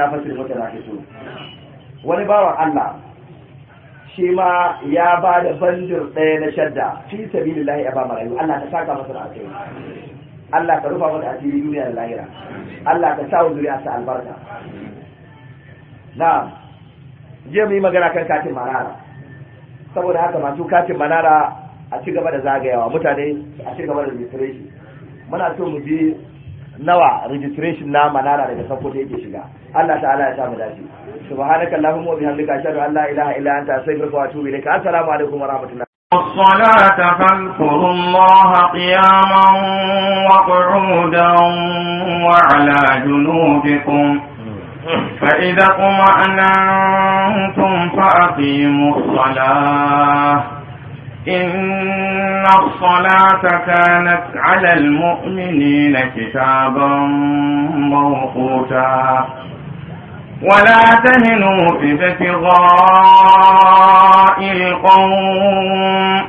na fito wani bawan Allah shi ma ya ba da bandir ɗaya na shadda fi sabilillahi ya ba marayu Allah ka saka masu da alheri Allah ka rufa masa asiri duniya da lahira Allah ka sa wa zuriya sa albarka na je mu yi magana kan katin manara saboda haka masu katin manara a ci gaba da zagayawa mutane a ci gaba da registration muna so mu bi nawa registration na manara daga da yake shiga Allah ta'ala ya samu dace subhanaka allahumma wa bihamdika ashhadu an la ilaha illa anta astaghfiruka wa atubu ilaik assalamu alaikum wa rahmatullahi الصلاة فاذكروا الله قياما وقعودا وعلى جنوبكم فإذا اطمأننتم فأقيموا الصلاة إن الصلاة كانت على المؤمنين كتابا موقوتا ولا تهنوا في ابتغاء القوم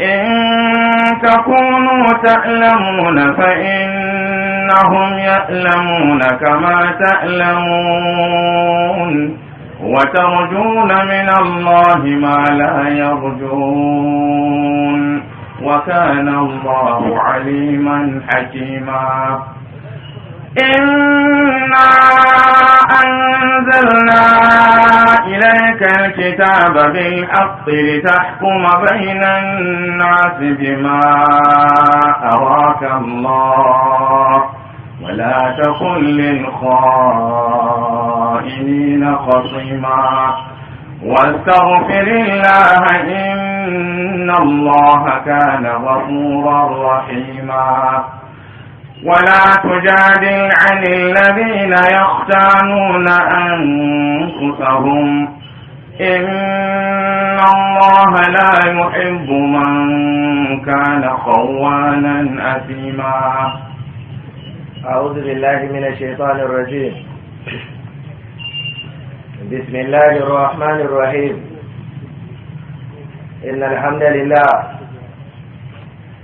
إن تكونوا تألمون فإنهم يألمون كما تألمون وترجون من الله ما لا يرجون وكان الله عليما حكيما إنا أنزلنا إليك الكتاب بالحق لتحكم بين الناس بما أراك الله ولا تكن للخائنين خصيما واستغفر الله إن الله كان غفورا رحيما ولا تجادل عن الذين يختانون أنفسهم إن الله لا يحب من كان خوانا أثيما أعوذ بالله من الشيطان الرجيم بسم الله الرحمن الرحيم إن الحمد لله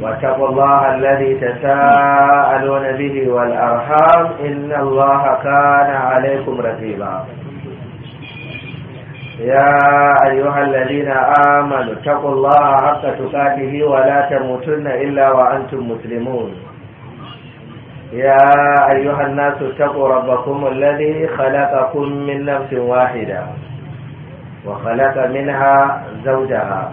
واتقوا الله الذي تساءلون به والأرحام إن الله كان عليكم رقيبا يا أيها الذين آمنوا اتقوا الله حق تقاته ولا تموتن إلا وأنتم مسلمون يا أيها الناس اتقوا ربكم الذي خلقكم من نفس واحدة وخلق منها زوجها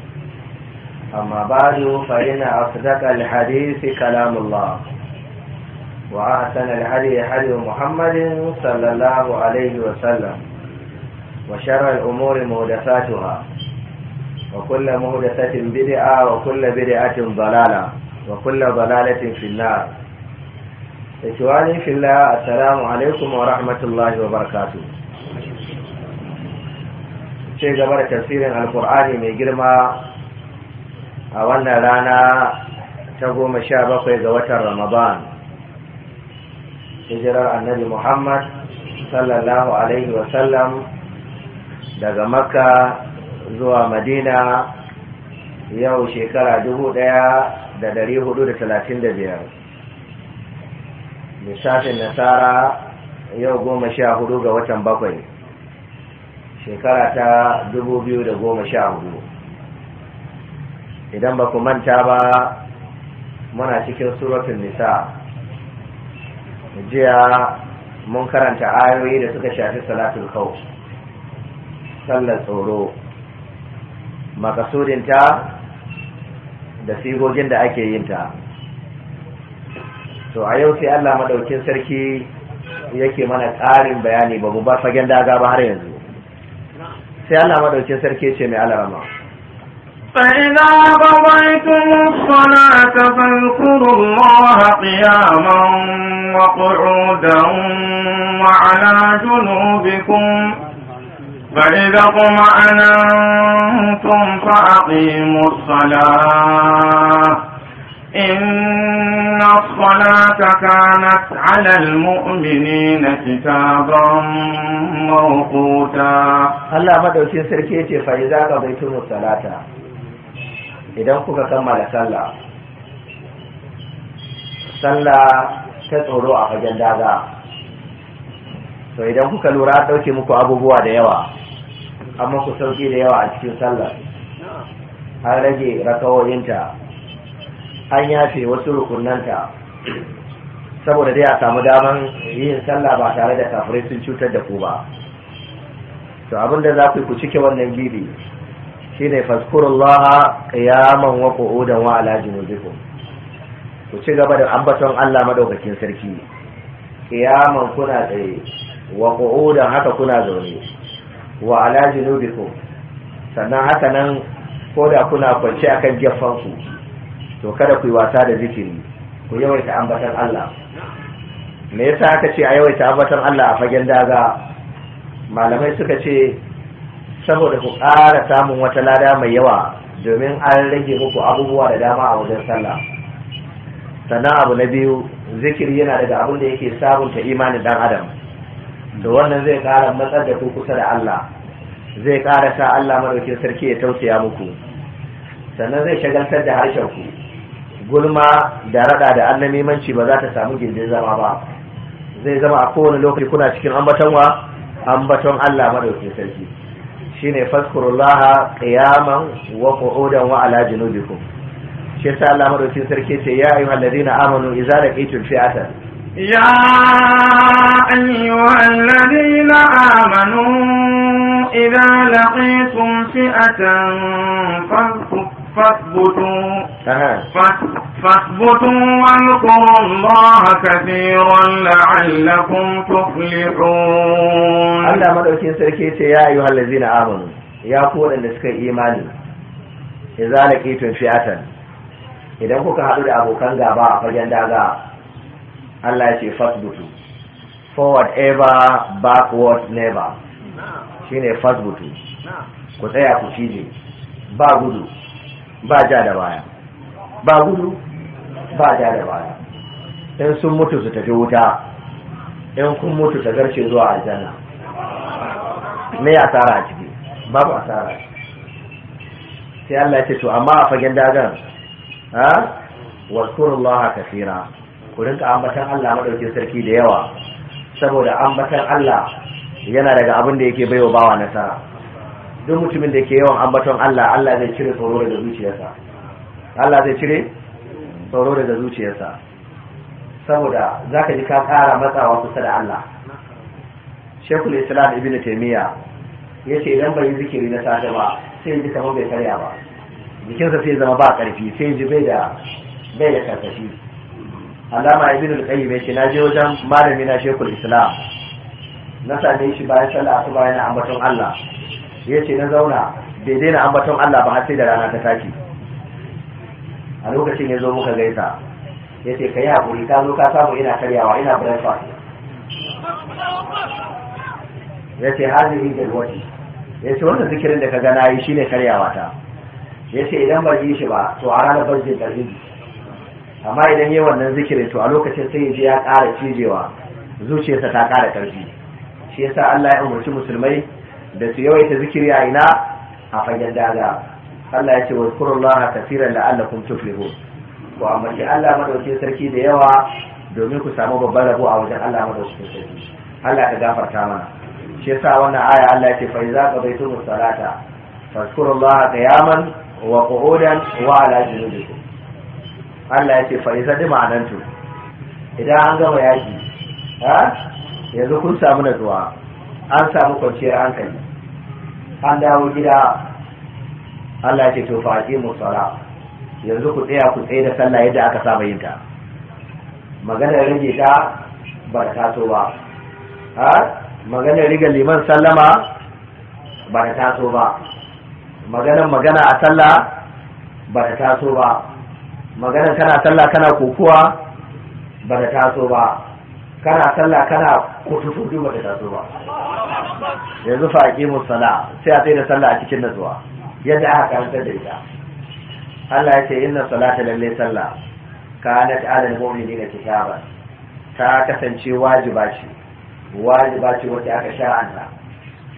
أما بعد فإن أصدق الحديث كلام الله وأحسن الهدي هدي محمد صلى الله عليه وسلم وشر الأمور محدثاتها وكل محدثة بدعة وكل بدعة ضلالة وكل ضلالة في النار إخواني في الله السلام عليكم ورحمة الله وبركاته شيخ جبر تفسير القرآن من جرمه a wannan rana ta goma sha bakwai ga watan ramadan hijirar annabi muhammad sallallahu alaihi wasallam daga makka zuwa madina yau shekara dubu ɗaya da dari hudu da talatin da biyar lissafin nasara yau goma sha hudu ga watan bakwai shekara ta dubu biyu da goma sha hudu idan ba ku manta ba muna cikin suratun nisa jiya mun karanta ayoyi da suka shafi salatul kau, sallar tsoro makasudinta da sigogin da ake yin ta to a yau sai Allah madaukin sarki yake mana ƙarin bayani ba mu ba fagen daga ba har yanzu sai Allah maɗaukin sarki ce mai alarama فإذا قضيتم الصلاة فاذكروا الله قياما وقعودا وعلى جنوبكم فإذا اطمأننتم فأقيموا الصلاة إن الصلاة كانت على المؤمنين كتابا موقوتا هلا ما دوشي سركيتي فإذا قضيتم الصلاة idan kuka kammala sallah sallah ta tsoro a fagen daga to idan kuka lura a ɗauke muku abubuwa da yawa amma ku sauki da yawa a cikin sallar an rage rakawoyinta an yafe wasu rukunanta saboda dai a samu daman yin sallah ba tare da kafirai sun cutar da ku ba to abinda za ku ku cike wannan gidi. shine fazkurullaha qiyaman wa qu'udan wa ala junubikum ku ci gaba da ambaton Allah madaukakin sarki qiyaman kuna tsaye wa qu'udan haka kuna zaune wa ala junubikum sannan haka nan ko da kuna kwance akan kan ku to kada ku yi wasa da zikiri ku yawaita ambaton Allah me yasa aka ce a yawaita ambaton Allah a fagen daga malamai suka ce saboda ku ƙara samun wata lada mai yawa domin an rage muku abubuwa da dama a wajen sallah sannan abu na biyu zikiri yana daga abin da yake sabunta imanin dan adam da wannan zai ƙara matsar da ku kusa da Allah zai ƙara sa Allah madaukin sarki ya tausaya muku sannan zai shagaltar da harshen ku gulma da rada da annamimanci ba za ta samu gindin zama ba zai zama a kowane lokaci kuna cikin ambaton wa ambaton Allah madaukin sarki shine fazkurullaha qiyaman wa qu'udan wa ala junubikum shi yasa Allah madaukakin sarki ce ya ayyuhal ladina amanu idza laqitum fi'atan ya ayyuhal ladina amanu idza laqitum fi'atan fadhkuru فاثبتوا فاثبتوا واذكروا الله كثيرا لعلكم تفلحون الله مدوكين سركي يا ايها الذين امنوا يا قول ان سكي ايماني idza laqitum fi'atan idan kuka hadu da abokan gaba a fagen daga Allah ya ce fasbutu forward ever backward never shine fasbutu ku tsaya ku cije ba gudu ba ja da baya ba gudu ba ja da baya in sun mutu su tafi wuta in kun mutu ta garce zuwa aljanna me asara a ciki babu asara sai Allah ya ce to amma a fagen dagan ha wazkurullaha kaseera ku rinka ambatan Allah madaukin sarki da yawa saboda ambatan Allah yana daga abin da yake baiwa bawa nasara duk mutumin da ke yawan ambaton Allah Allah zai cire tsoro daga zuciyarsa Allah zai cire tsoro daga zuciyarsa saboda zaka ji ka ƙara matsawa kusa da Allah Shekul Islam Ibn Taymiyyah yace idan bai zikiri na safe ba sai ji kamar bai karya ba jikinsa sai zama ba karfi sai ji bai da bai da Allama Ibn al-Qayyim yace na je wajen malami na Shekul Islam na same shi bayan sallah asuba yana ambaton Allah ya ce na zauna bai daina ambaton Allah ba har sai da rana ta tashi a lokacin ya zo muka gaisa ya ce ka yi haƙuri ka zo ka samu ina karyawa ina breakfast ya ce haziri jalwati ya ce wannan zikirin da ka gana yi shine karyawa ta ya ce idan ba yi shi ba to a ranar barjin ƙarfi amma idan yi wannan zikirin to a lokacin sai ji ya ƙara cijewa zuciyarsa ta ƙara ƙarfi shi yasa Allah ya umarci musulmai da su yawaita zikiri a ina a fagen daga Allah ya ce wa da Allah kaseeran la'allakum ko ku ambaci Allah madaukakin sarki da yawa domin ku samu babban rabo a wajen Allah madaukakin sarki Allah ka gafarta mana shi yasa wannan aya Allah ya ce fa iza musallata salata fazkurullaha qiyaman wa qu'udan wa ala junubikum Allah ya ce fa iza dimanantu idan an gama yaki ha yanzu kun samu natsuwa an samu kwanciyar hankali an dawo gida Allah ce to fa mu sala yanzu ku tsaya ku tsaye da sallah yadda aka saba yin ta maganar rage ta barka ta so ba ha maganar riga liman sallama ba ta so ba magana magana a sallah ba ta so ba magana kana sallah kana kokuwa ba ta so ba kana sallah kana kututu ba ka taso Ya yanzu fa aqimu sala sai a tsaye da sallah a cikin natsuwa yadda aka karanta da ita Allah ya ce inna salata lalle sallah ta ala al ga kitaban ta kasance wajiba ce wajiba ce wacce aka shar'anta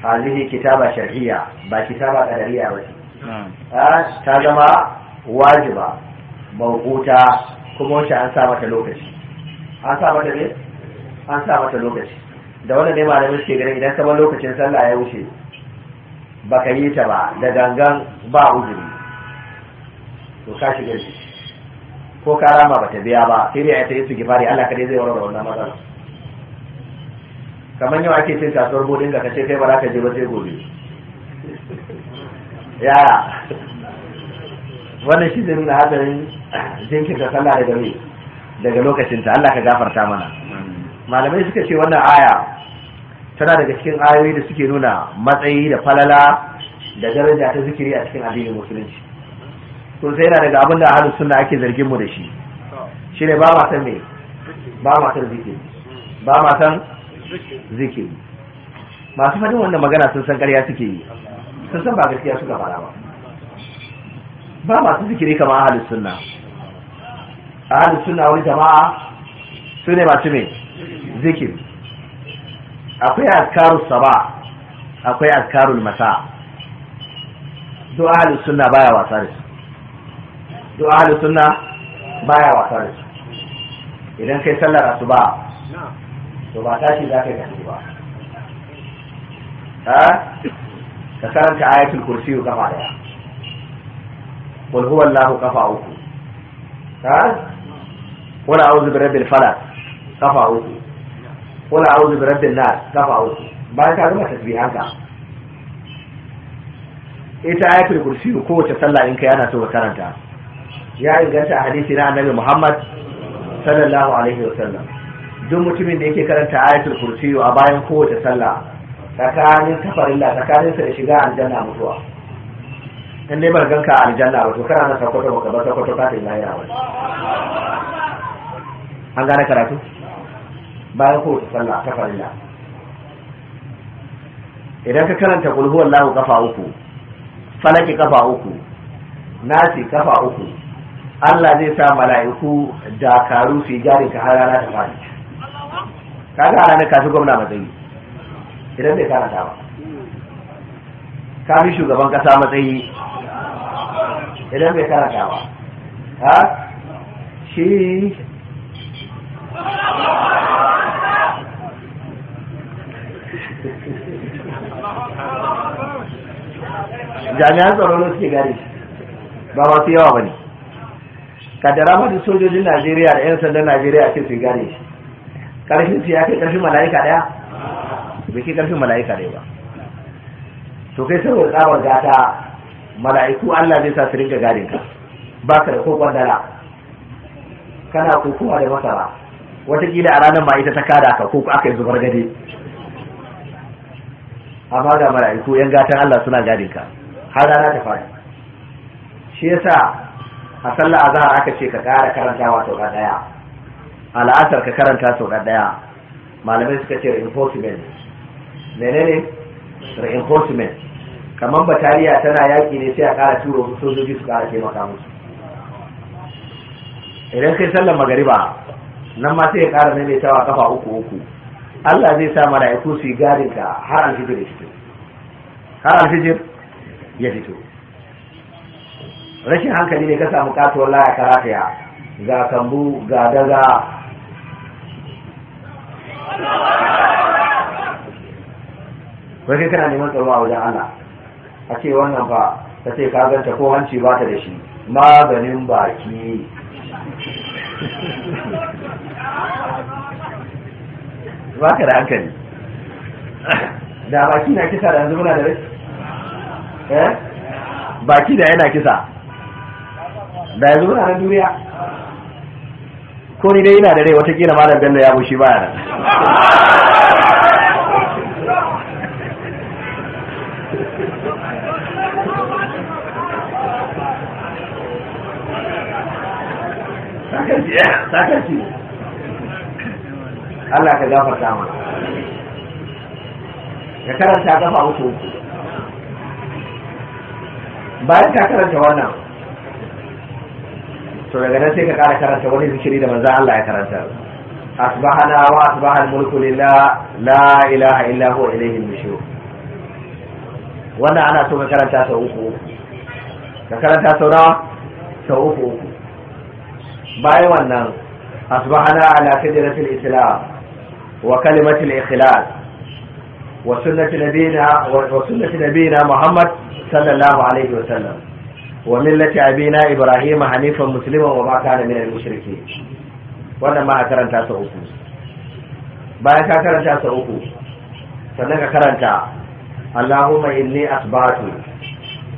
hazihi kitaba shar'iyya ba kitaba qadariyya ba ce ta zama wajiba mawquta kuma wacce an sa mata lokaci an sa mata ne an sa mata lokaci da wannan ne malamin shi ganin idan kamar lokacin sallah ya wuce baka yi ta ba da gangan ba uzuri to ka shiga shi ko ka rama ta biya ba sai dai ta yi su gifari Allah kadai zai warware wannan matsala kamar yau ake cin kasuwar bodin ga kace kai ba za ka je ba sai gobe yaya wannan shi zai nuna hadarin jinkin sallah daga me daga lokacin ta Allah ka gafarta mana malamai suka ce wannan aya tana daga cikin ayoyi da suke nuna matsayi da falala da daraja ta zikiri a cikin addinin musulunci to sai yana daga abin da ahlus sunna ake zargin mu da shi shine ba ma san me ba ma san zikiri ba ma san zikiri masu fadin wannan magana sun san ƙarya suke yi sun san ba gaskiya suka fara ba ba masu zikiri kamar ahlu sunna ahlu sunna wani jama'a su ne masu me zikir akwai azkarus saba akwai azkarul masa du'a da sunna baya wasa da su sunna baya wasa da su idan kai sallar asuba to ba ta za ka ga ba ba ka karanta ayatul kursi kafa daya qul huwallahu kafa uku ha wala a'udhu birabbil falaq kafa uku wala a'udhu bi rabbin nas ka fa'u bayan ka gama tasbihanka ita ayatul kursi kowace sallah in ka yana so ka karanta ya inganta hadisi na annabi Muhammad sallallahu alaihi wasallam duk mutumin da yake karanta ayatul kursi a bayan kowace sallah tsakanin tafarilla tsakanin sa da shiga aljanna mutuwa in dai bar ganka aljanna ba to kana na sakwato ba ka bar sakwato ka ta ilahi an gane karatu bayan kowace sallah ta farilla idan ka karanta kul huwallahu kafa uku falaki kafa uku nasi kafa uku Allah zai sa mala'iku da su yi jarin ka har rana ta fadi kaga ranar kafi gwamna matsayi idan bai karanta ba kafin shugaban kasa matsayi idan bai karanta ba ha shi jami'an tsaro ne suke gari ba masu yawa ba ne kaddara mata sojojin najeriya da 'yan sandan najeriya ce su gane shi karfin su ya kai karfin mala'ika daya bai ke karfin mala'ika daya ba to kai saboda tsabar gata mala'iku allah zai sa su rinka gadin ka ba ka da kokon dala kana kokowa da masara watakila a ranar ma ita ta kada ka ko aka yi zubar gade amma ga mala'iku yan gatan Allah suna gadin ka har rana ta fara shi yasa a sallar azhar aka ce ka kara karantawa sau daya a la'asar ka karanta sau daya malamai suka ce reinforcement menene reinforcement kamar batariya tana yaki ne sai a kara turo sojoji su kara taimaka musu idan kai sallar magariba nan ma sai ya ƙara maimaitawa kafa uku uku Allah zai sa mala'iku su yi ka har alfijir ya fito har alfijir ya fito rashin hankali ne ka samu katuwar laya karafiya ga kambu ga daga wajen kana neman tsaro a wajen Allah a ce wannan ba ta ce ka ganta ko hanci ba ta da shi maganin baki ba ka da hankali da baki na kisa da yanzu muna da rai eh? baki da yana kisa da yanzu muna da duniya ko ni dai yana da rai watakila malam ganda ya bushe baya nan sakarci eh, sakarci Allah ka gafarta mana ya karanta kafa uku bayan ka karanta wannan to daga nan sai ka kara karanta wani zikiri da manzo Allah ya karanta asbahana wa asbaha al-mulku lillah la ilaha illa huwa ilayhi al-nushur wannan ana so ka karanta sau uku ka karanta sau nawa sau uku bayan wannan asbahana ala fidratil islam وكلمة الإخلال وسنة نبينا وسنة نبينا محمد صلى الله عليه وسلم وملة أبينا إبراهيم حنيفا مسلما وما كان من المشركين wannan ma a karanta sa uku bayan karanta sa uku sannan ka karanta Allahumma inni asbatu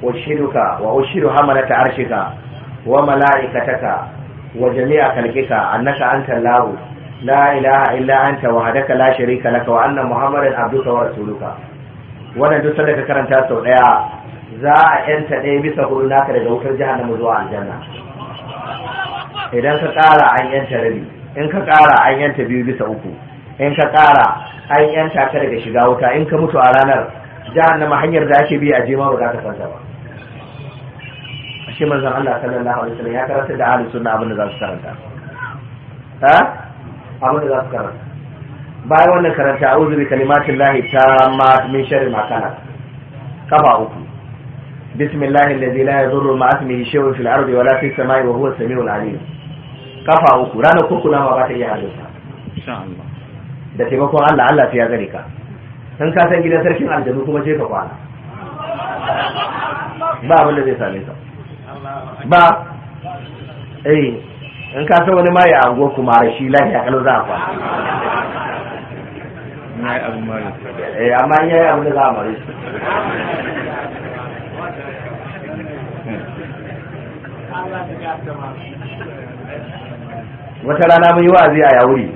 ushiduka wa ushidu hamalata arshika wa mala'ikataka wa jami'a khalqika annaka antal lahu la ilaha illa anta wahdaka la sharika laka wa anna muhammadan abduka wa rasuluka wannan duk sanda ka karanta sau daya za a yanta ɗaya bisa hudu naka daga wutar jahannama zuwa aljanna idan ka ƙara an yanta rabi in ka ƙara an yanta biyu bisa uku in ka ƙara an yanta ka shiga wuta in ka mutu a ranar jahannama hanyar da ake bi a jima za ka san ba shi manzon Allah sallallahu alaihi wasallam ya karanta da ahlus sunna abin da za su karanta abin da za su karanta bayan wannan karanta a uzuri kalimatin lahi ta ma min shari'a ma kana kafa uku bismillahi allazi la yadurru ma ismihi shay'un fil ardi wala fis samai wa huwa samiul alim kafa uku ranar kurkuna ma ba ta iya halitta da taimakon Allah Allah ta ya gare ka in ka san gidan sarkin aljanu kuma je ka kwana ba da zai same ka ba eh in ka san wani ma ya ango kuma shi lafiya kalau za a kwana eh amma ya yi abin da za a mare shi wata rana mun yi wa'azi a yawuri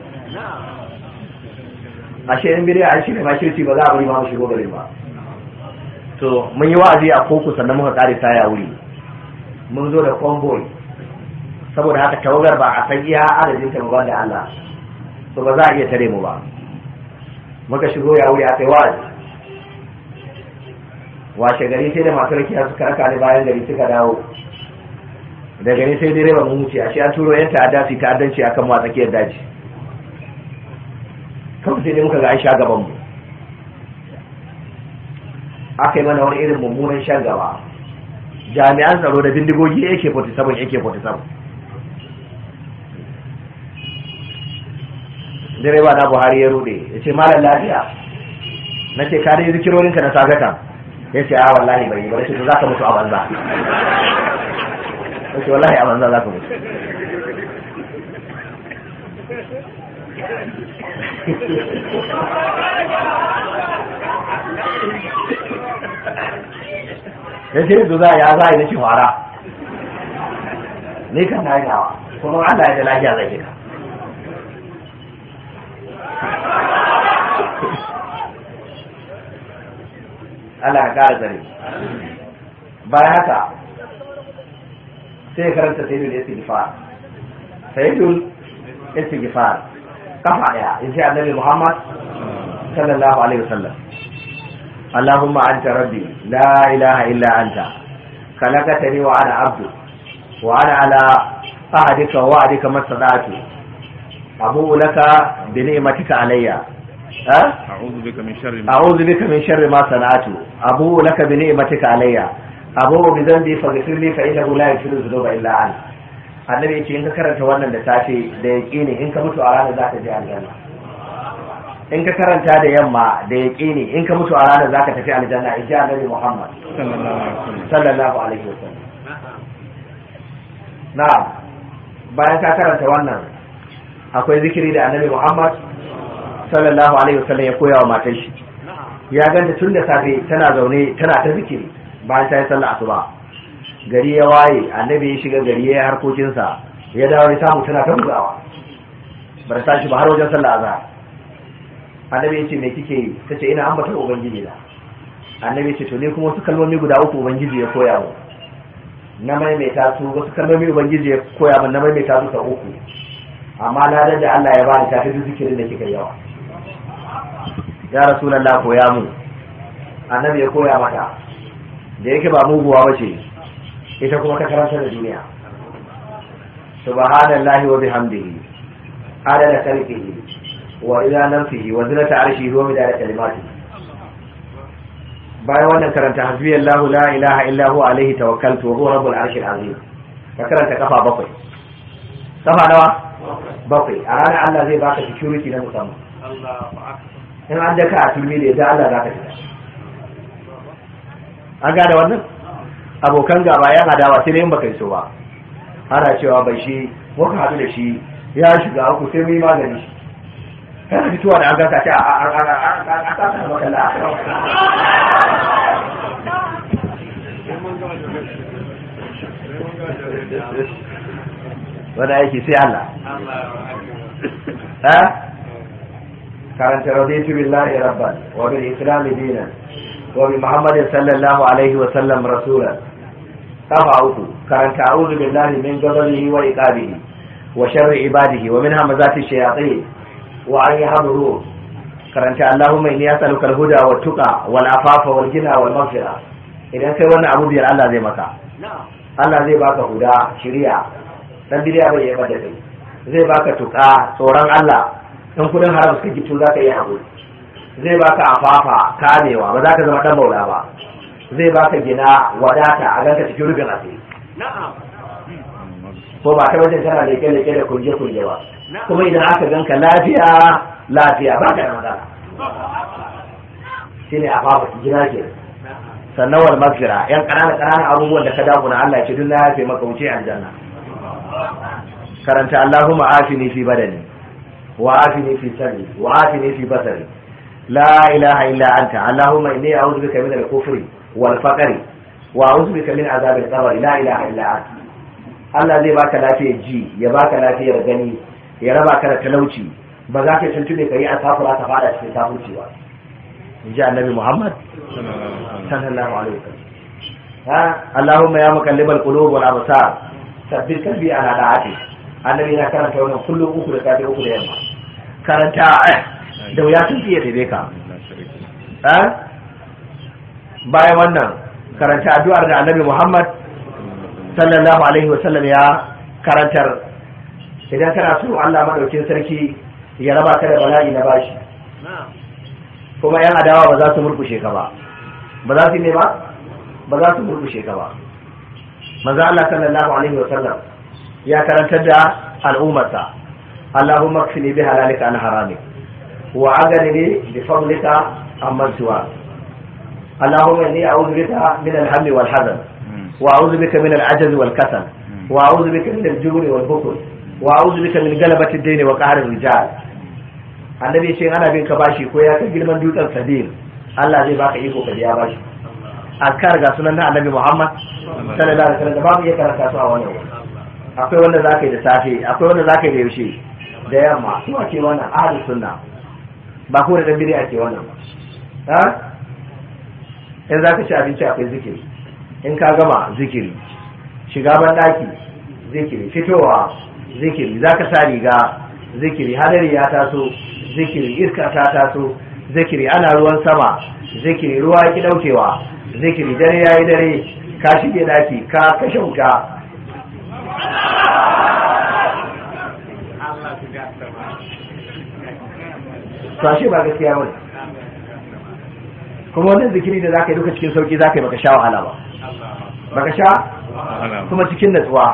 ashe in a an shirya shirci ba za a bari ma mu shigo gare ba to mun yi wa'azi a koko sannan muka kare ta yawuri mun zo da convoy saboda haka tawagar ba a san iya adadin ta ba da Allah so ba za a iya tare mu ba muka shigo ya wuri aka Wa wa washe gari sai da masu rakiya suka raka ni bayan gari suka dawo da gari sai direban mun a shi an turo yan ta'adda su ta'addanci akan mu a tsakiyar daji kawai sai dai muka ga an sha gaban mu aka yi mana wani irin mummunan shan gaba jami'an tsaro da bindigogi ak-47 ak-47 direba na buhari ya rude ya ce malam lafiya na ce ka dai zikirorinka na sagata kan ya ce a wallahi bai yi ba ce za ka mutu a banza ya ce wallahi a banza za ka mutu ya ce yanzu za a za a yi na ce fara ni kan na gawa kuma Allah ya ce lafiya zai ka Allah ka kara zare bayan haka sai karanta sai da istighfar sai dul istighfar kafa daya in sai annabi Muhammad sallallahu alaihi wasallam اللهم أنت ربي لا إله إلا أنت خلقتني وأنا عبدك وأنا ala عهدك ووعدك ما استطعت abu laka bi ni'matika alayya a'udhu bika min sharri a'udhu bika min sharri ma sana'tu abu laka bi ni'matika alayya abu bi dhanbi faghfir li fa innahu la yaghfiru dhunuba illa ant annabi yace in ka karanta wannan da safe da yaqini in ka mutu a ranar zaka je aljanna in ka karanta da yamma da yaqini in ka mutu a ranar zaka tafi aljanna in ji annabi Muhammad sallallahu alaihi wasallam na'am bayan ka karanta wannan akwai zikiri da annabi muhammad sallallahu alaihi wasallam ya koya wa matan shi ya ganta tun da safe tana zaune tana ta zikiri bayan ta yi sallah asuba gari ya waye annabi ya shiga gari ya yi harkokinsa ya dawo ya samu tana ta bugawa bar ta shi ba har wajen sallah azhar annabi ya ce me kike yi tace ina ambatar ubangiji na annabi ya ce to ne kuma wasu kalmomi guda uku ubangiji ya koya mu na maimaita su wasu kalmomi ubangiji ya koya mu na maimaita su ta uku amma ladar da Allah ya bani tafi duk zikirin da kika yawa ya rasulullah koya mu annabi ya koya maka. da yake ba muguwa bace ita kuma ta karanta da duniya subhanallahi wa bihamdihi adala khalqihi wa ila nafsihi wa zinata arshihi wa midada kalimati bayan wannan karanta hasbi Allah la ilaha illa hu alaihi tawakkaltu wa huwa rabbul arshil azim ka karanta kafa bakwai kafa nawa bakwai a ranar Allah zai baka security na musamman in an daka a turmi da yadda Allah zaka shiga an gada wannan abokan gaba ya hada wa sai dai in baka yi so ba ana cewa bai shi muka haɗu da shi ya shiga ku sai mu yi magani shi kana fitowa da an gaka ta a kasar makalla wani aiki sai Allah ها كانت رضيت بالله ربا وبالإسلام دينا وبمحمد صلى الله عليه وسلم رسولا أبعوك كانت أعوذ بالله من جبله وإقابه وشر عباده ومن همزات الشياطين وأن يحضروه كانت اللهم إني أسألك الهدى والتقى والعفاف والجنى والمغفرة idan kai wannan abu biyar Allah zai maka Allah zai baka huda shiriya dan bidiya bai zai baka tuka tsoron Allah in kudin haram suka gitu za ka yi haƙuri zai baka afafa kamewa ba za ka zama dan maula ba zai baka gina wadata a ganka cikin rubin asiri ko ba ta wajen tana da leke da kurje kurje ba kuma idan aka ganka lafiya lafiya ba ka da matsala shine afafa gina ke sannan wal magfira yan ƙananan kanana abubuwan da ka damu na Allah ya ce duk na yafe maka wuce aljanna karanta Allahumma afini fi badani wa afini fi sarri wa afini fi basari la ilaha illa anta Allahumma inni a'udhu bika min al-kufri wal faqri wa a'udhu bika min adhab al-qabr la ilaha illa anta Allah zai baka lafiyar ji ya baka lafiyar gani ya raba ka da talauci ba za ka tuntube ka yi a safura ka fada cikin kafirci ba in ji annabi Muhammad sallallahu alaihi wasallam ha Allahumma ya muqallibal qulub wal absar sabbir qalbi ala da'atik annabi na karanta wannan kullum uku da safe uku da yamma karanta eh, da wuya sun fiye tabe ka eh? bayan wannan karanta addu'ar da annabi Muhammad sallallahu alaihi wasallam ya karantar idan kana so Allah maɗaukin sarki ya raba ka da bala'i na bashi kuma yan adawa ba za su murkushe ka ba ba za su ne ba ba za su murkushe ka ba manzo Allah sallallahu alaihi wasallam ya karantar da al'ummarsa Allahumma kfini bi halalika an harami wa aganini bi fadlika amman siwa Allahumma inni a'udhu bika min al-hammi wal hazan wa a'udhu bika min al-ajaz wal kasal wa a'udhu bika min al-jubn wal bukhl wa a'udhu bika min galabati ad-dayn wa qahri ar-rijal annabi ce ana bin ka bashi ko ya kai girman dutsen sabil Allah zai baka iko ka biya bashi azkar ga sunan na annabi Muhammad sallallahu alaihi wasallam babu ya karanta su a wannan akwai wanda za ka yi da safe akwai wanda za ka yi da yaushe da yamma su ake wannan ahalus sunna ba ko da dan ake wannan ba ha za ka ci abinci akwai zikiri in ka gama zikiri shiga ban daki zikiri fitowa zikiri za ka sa riga zikiri hadari ya taso zikiri iska ta taso zikiri ana ruwan sama zikiri ruwa ya ki daukewa zikiri dare ya yi dare ka shige daki ka kashe wuta to ba ba gaskiya bane kuma wannan zikiri da zaka yi duka cikin sauki zaka yi baka sha wahala ba baka sha kuma cikin natsuwa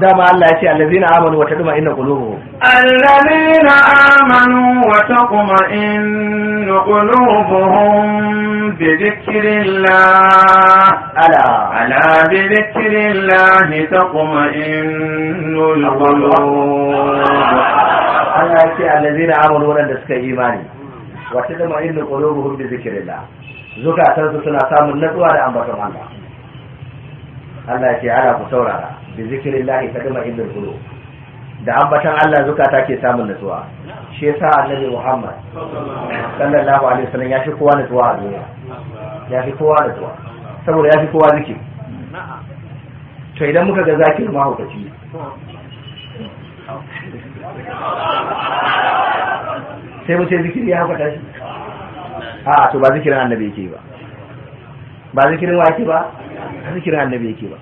dama Allah ya ce allazina amanu wa taqma inna qulubuhum allazina amanu wa taquma inna qulubuhum bi dhikrillah ala ala bi dhikrillah taquma innul qulub an ya ce allazi na amalu waɗanda suka yi imani wata da ma'in da ƙwaro buhu da zikirillah zukatansu suna samun natsuwa da ambaton Allah Allah ya ce ana ku saurara da zikirillah ta dama inda ƙwaro da ambaton Allah zukata ke samun natsuwa shi sa annabi Muhammad sallallahu alaihi wasallam ya fi kowa natsuwa a duniya ya fi kowa natsuwa saboda ya fi kowa zikir to idan muka ga zakir mahaukaci sai mu ce zikiri ya haka tashi a to ba zikirin annabi yake ba ba zikirin wa yake ba zikirin annabi yake ba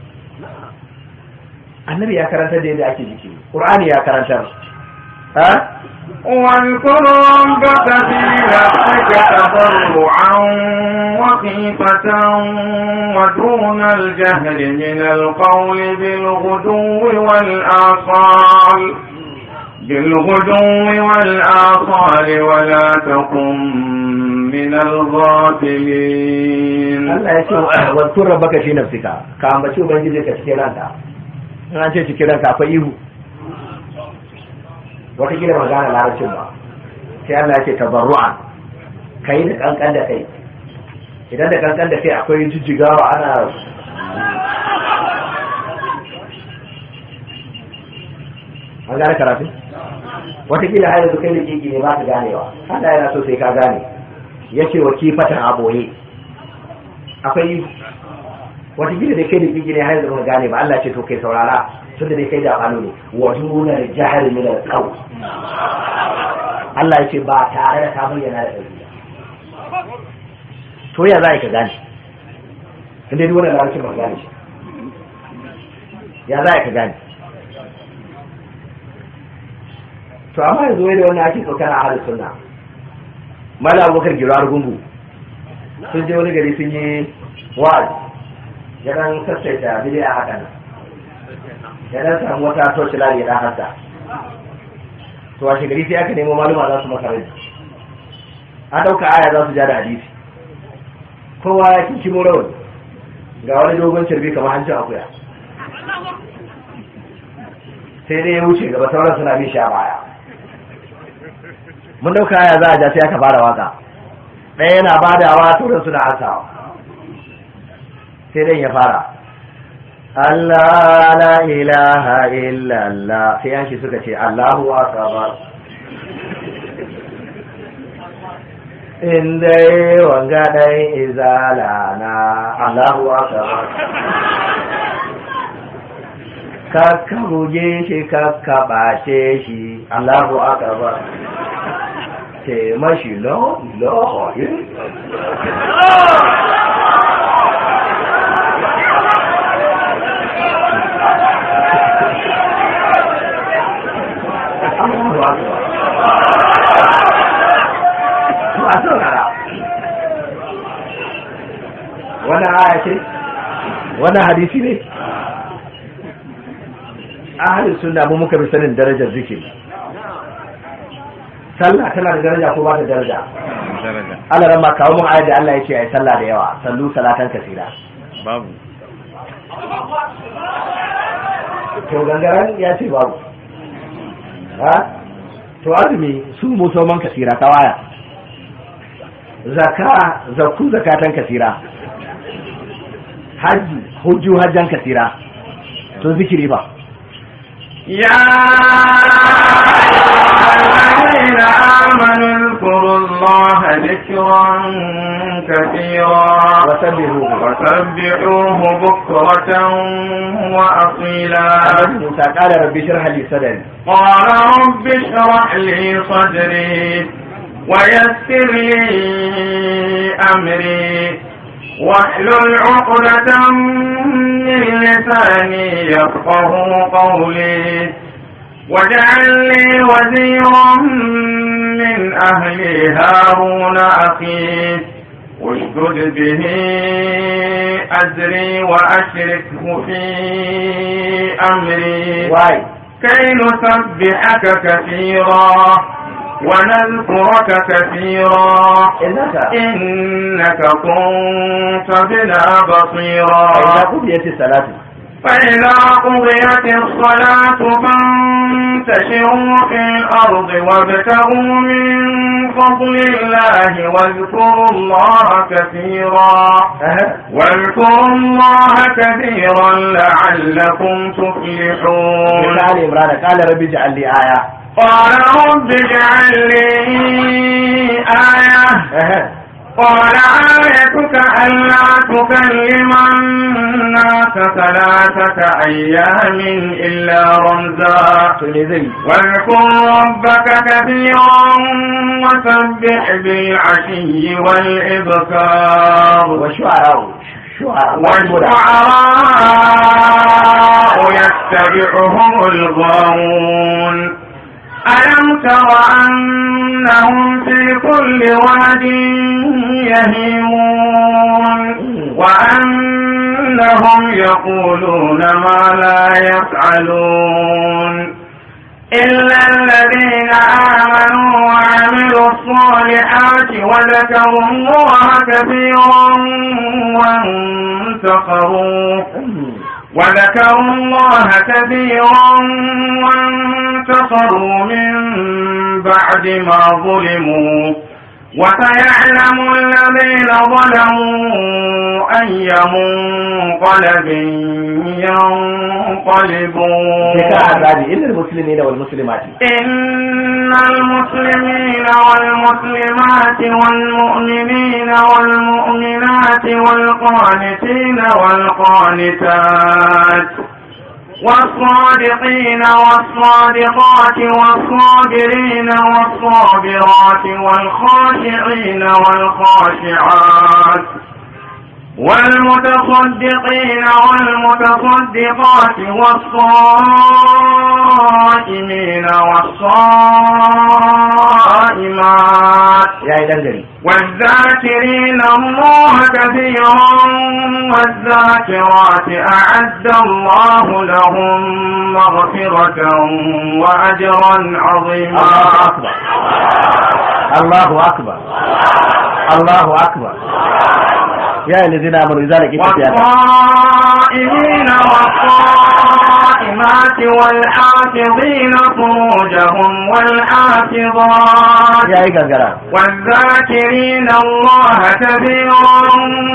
annabi ya karanta da yadda ake zikiri qur'ani ya karanta ha واذكر ربك في نفسك وخيفة ودون الجهل من القول بالغدو والآصال بالغدو والآصال ولا تكن من الغافلين الله يسوع واذكر ربك في نفسك كما تشوف بنجيك cikin ranka in an ce cikin ranka akwai ihu wata kila magana larabcin ba sai Allah ya ce tabarru'a kai da kankan da kai idan da kankan da kai akwai jijjigawa ana an gane karatu watakila har yanzu kai da kiki ne ba ka ganewa Allah yana so sai ka gane Ya ce wa a aboye akwai watakila da kai da kiki ne har yanzu ka gane ba Allah ce to kai saurara tunda da kai da falo ne wa da jahar min al qaw Allah yace ba tare da ta bayyana da kai to ya za ka gane inda duk wannan larabcin ba gane shi ya za ka gane to amma yanzu wai da wannan ake kauta a halin sunna mala abubakar girar gungu sun je wani gari sun yi wa'azi ya dan sassaita bidai a haka nan ya dan samu wata tocila ya dan hasa to a gari sai aka nemo maluma za su makarai A ɗauka aya za su ja da hadisi kowa ya kinki morawar ga wani dogon cirbi kamar hancin akuya sai dai ya wuce gaba sauran suna bin sha baya mun dauka ya za a ja sai aka fara waka ɗaya yana badawa su na asa sai dan ya fara Allah la ilaha illallah sai yanki suka ce Allahu akbar in dai wanga dai izala na Allahu akbar kakka buge shi kakka bace shi Allahu akbar 대맛이 러, 러, wannan aya ce wannan hadisi ne ahalin sunna mu muka bi sanin darajar zikiri sallah tana da daraja ko ba ta daraja Allah ran kawo mun ayar da Allah yake ayi sallah da yawa sallu salatan kasira babu to gangaran ya ce babu ha to azumi su musamman kasira kawaya zaka zakku zakatan kasira haji hujju hajjan kasira to zikiri ba ya الذين آمنوا اذكروا الله ذكرا كثيرا وسبحوه بكرة وأصيلا قال رب اشرح لي صدري قال رب اشرح لي صدري ويسر لي أمري واحلل عقدة من لساني يفقه قولي واجعل لي وزيرا من أهلي هارون أخي اشدد به أزري وأشركه في أمري واي. كي نسبحك كثيرا ونذكرك كثيرا إنك كنت بنا بصيرا فإذا قضيت الصلاة فانتشروا في الأرض وابتغوا من فضل الله واذكروا الله كثيرا أه؟ واذكروا الله كثيرا لعلكم تفلحون قال إبراهيم قال ربي اجعل لي آية قال رب اجعل لي آية أه؟ قال آيتك ألا تكلم الناس ثلاثة أيام إلا رمزا واذكر ربك كثيرا وسبح بالعشي والإبكار والشعراء والشعراء يتبعهم الغارون ألم تر أنهم في كل واد يهيمون وأنهم يقولون ما لا يفعلون إلا الذين آمنوا وعملوا الصالحات وذكروا الله كثيرا وانتقروا وذكروا الله كثيرا وانتصروا من بعد ما ظلموا وسيعلم الذين ظلموا أي منقلب ينقلبون إن المسلمين والمسلمات إن المسلمين والمسلمات والمؤمنين والمؤمنات والقانتين والقانتات والصادقين والصادقات والصابرين والصابرات والخاشعين والخاشعات والمتصدقين والمتصدقات والصائمين والصائمات والذاكرين الله كثيرا والذاكرات أعد الله لهم مغفرة وأجرا عظيما الله أكبر الله أكبر الله أكبر یا الذین جا نکیل والحافظات والحافظين فروجهم والحافظات والذاكرين الله كثيرا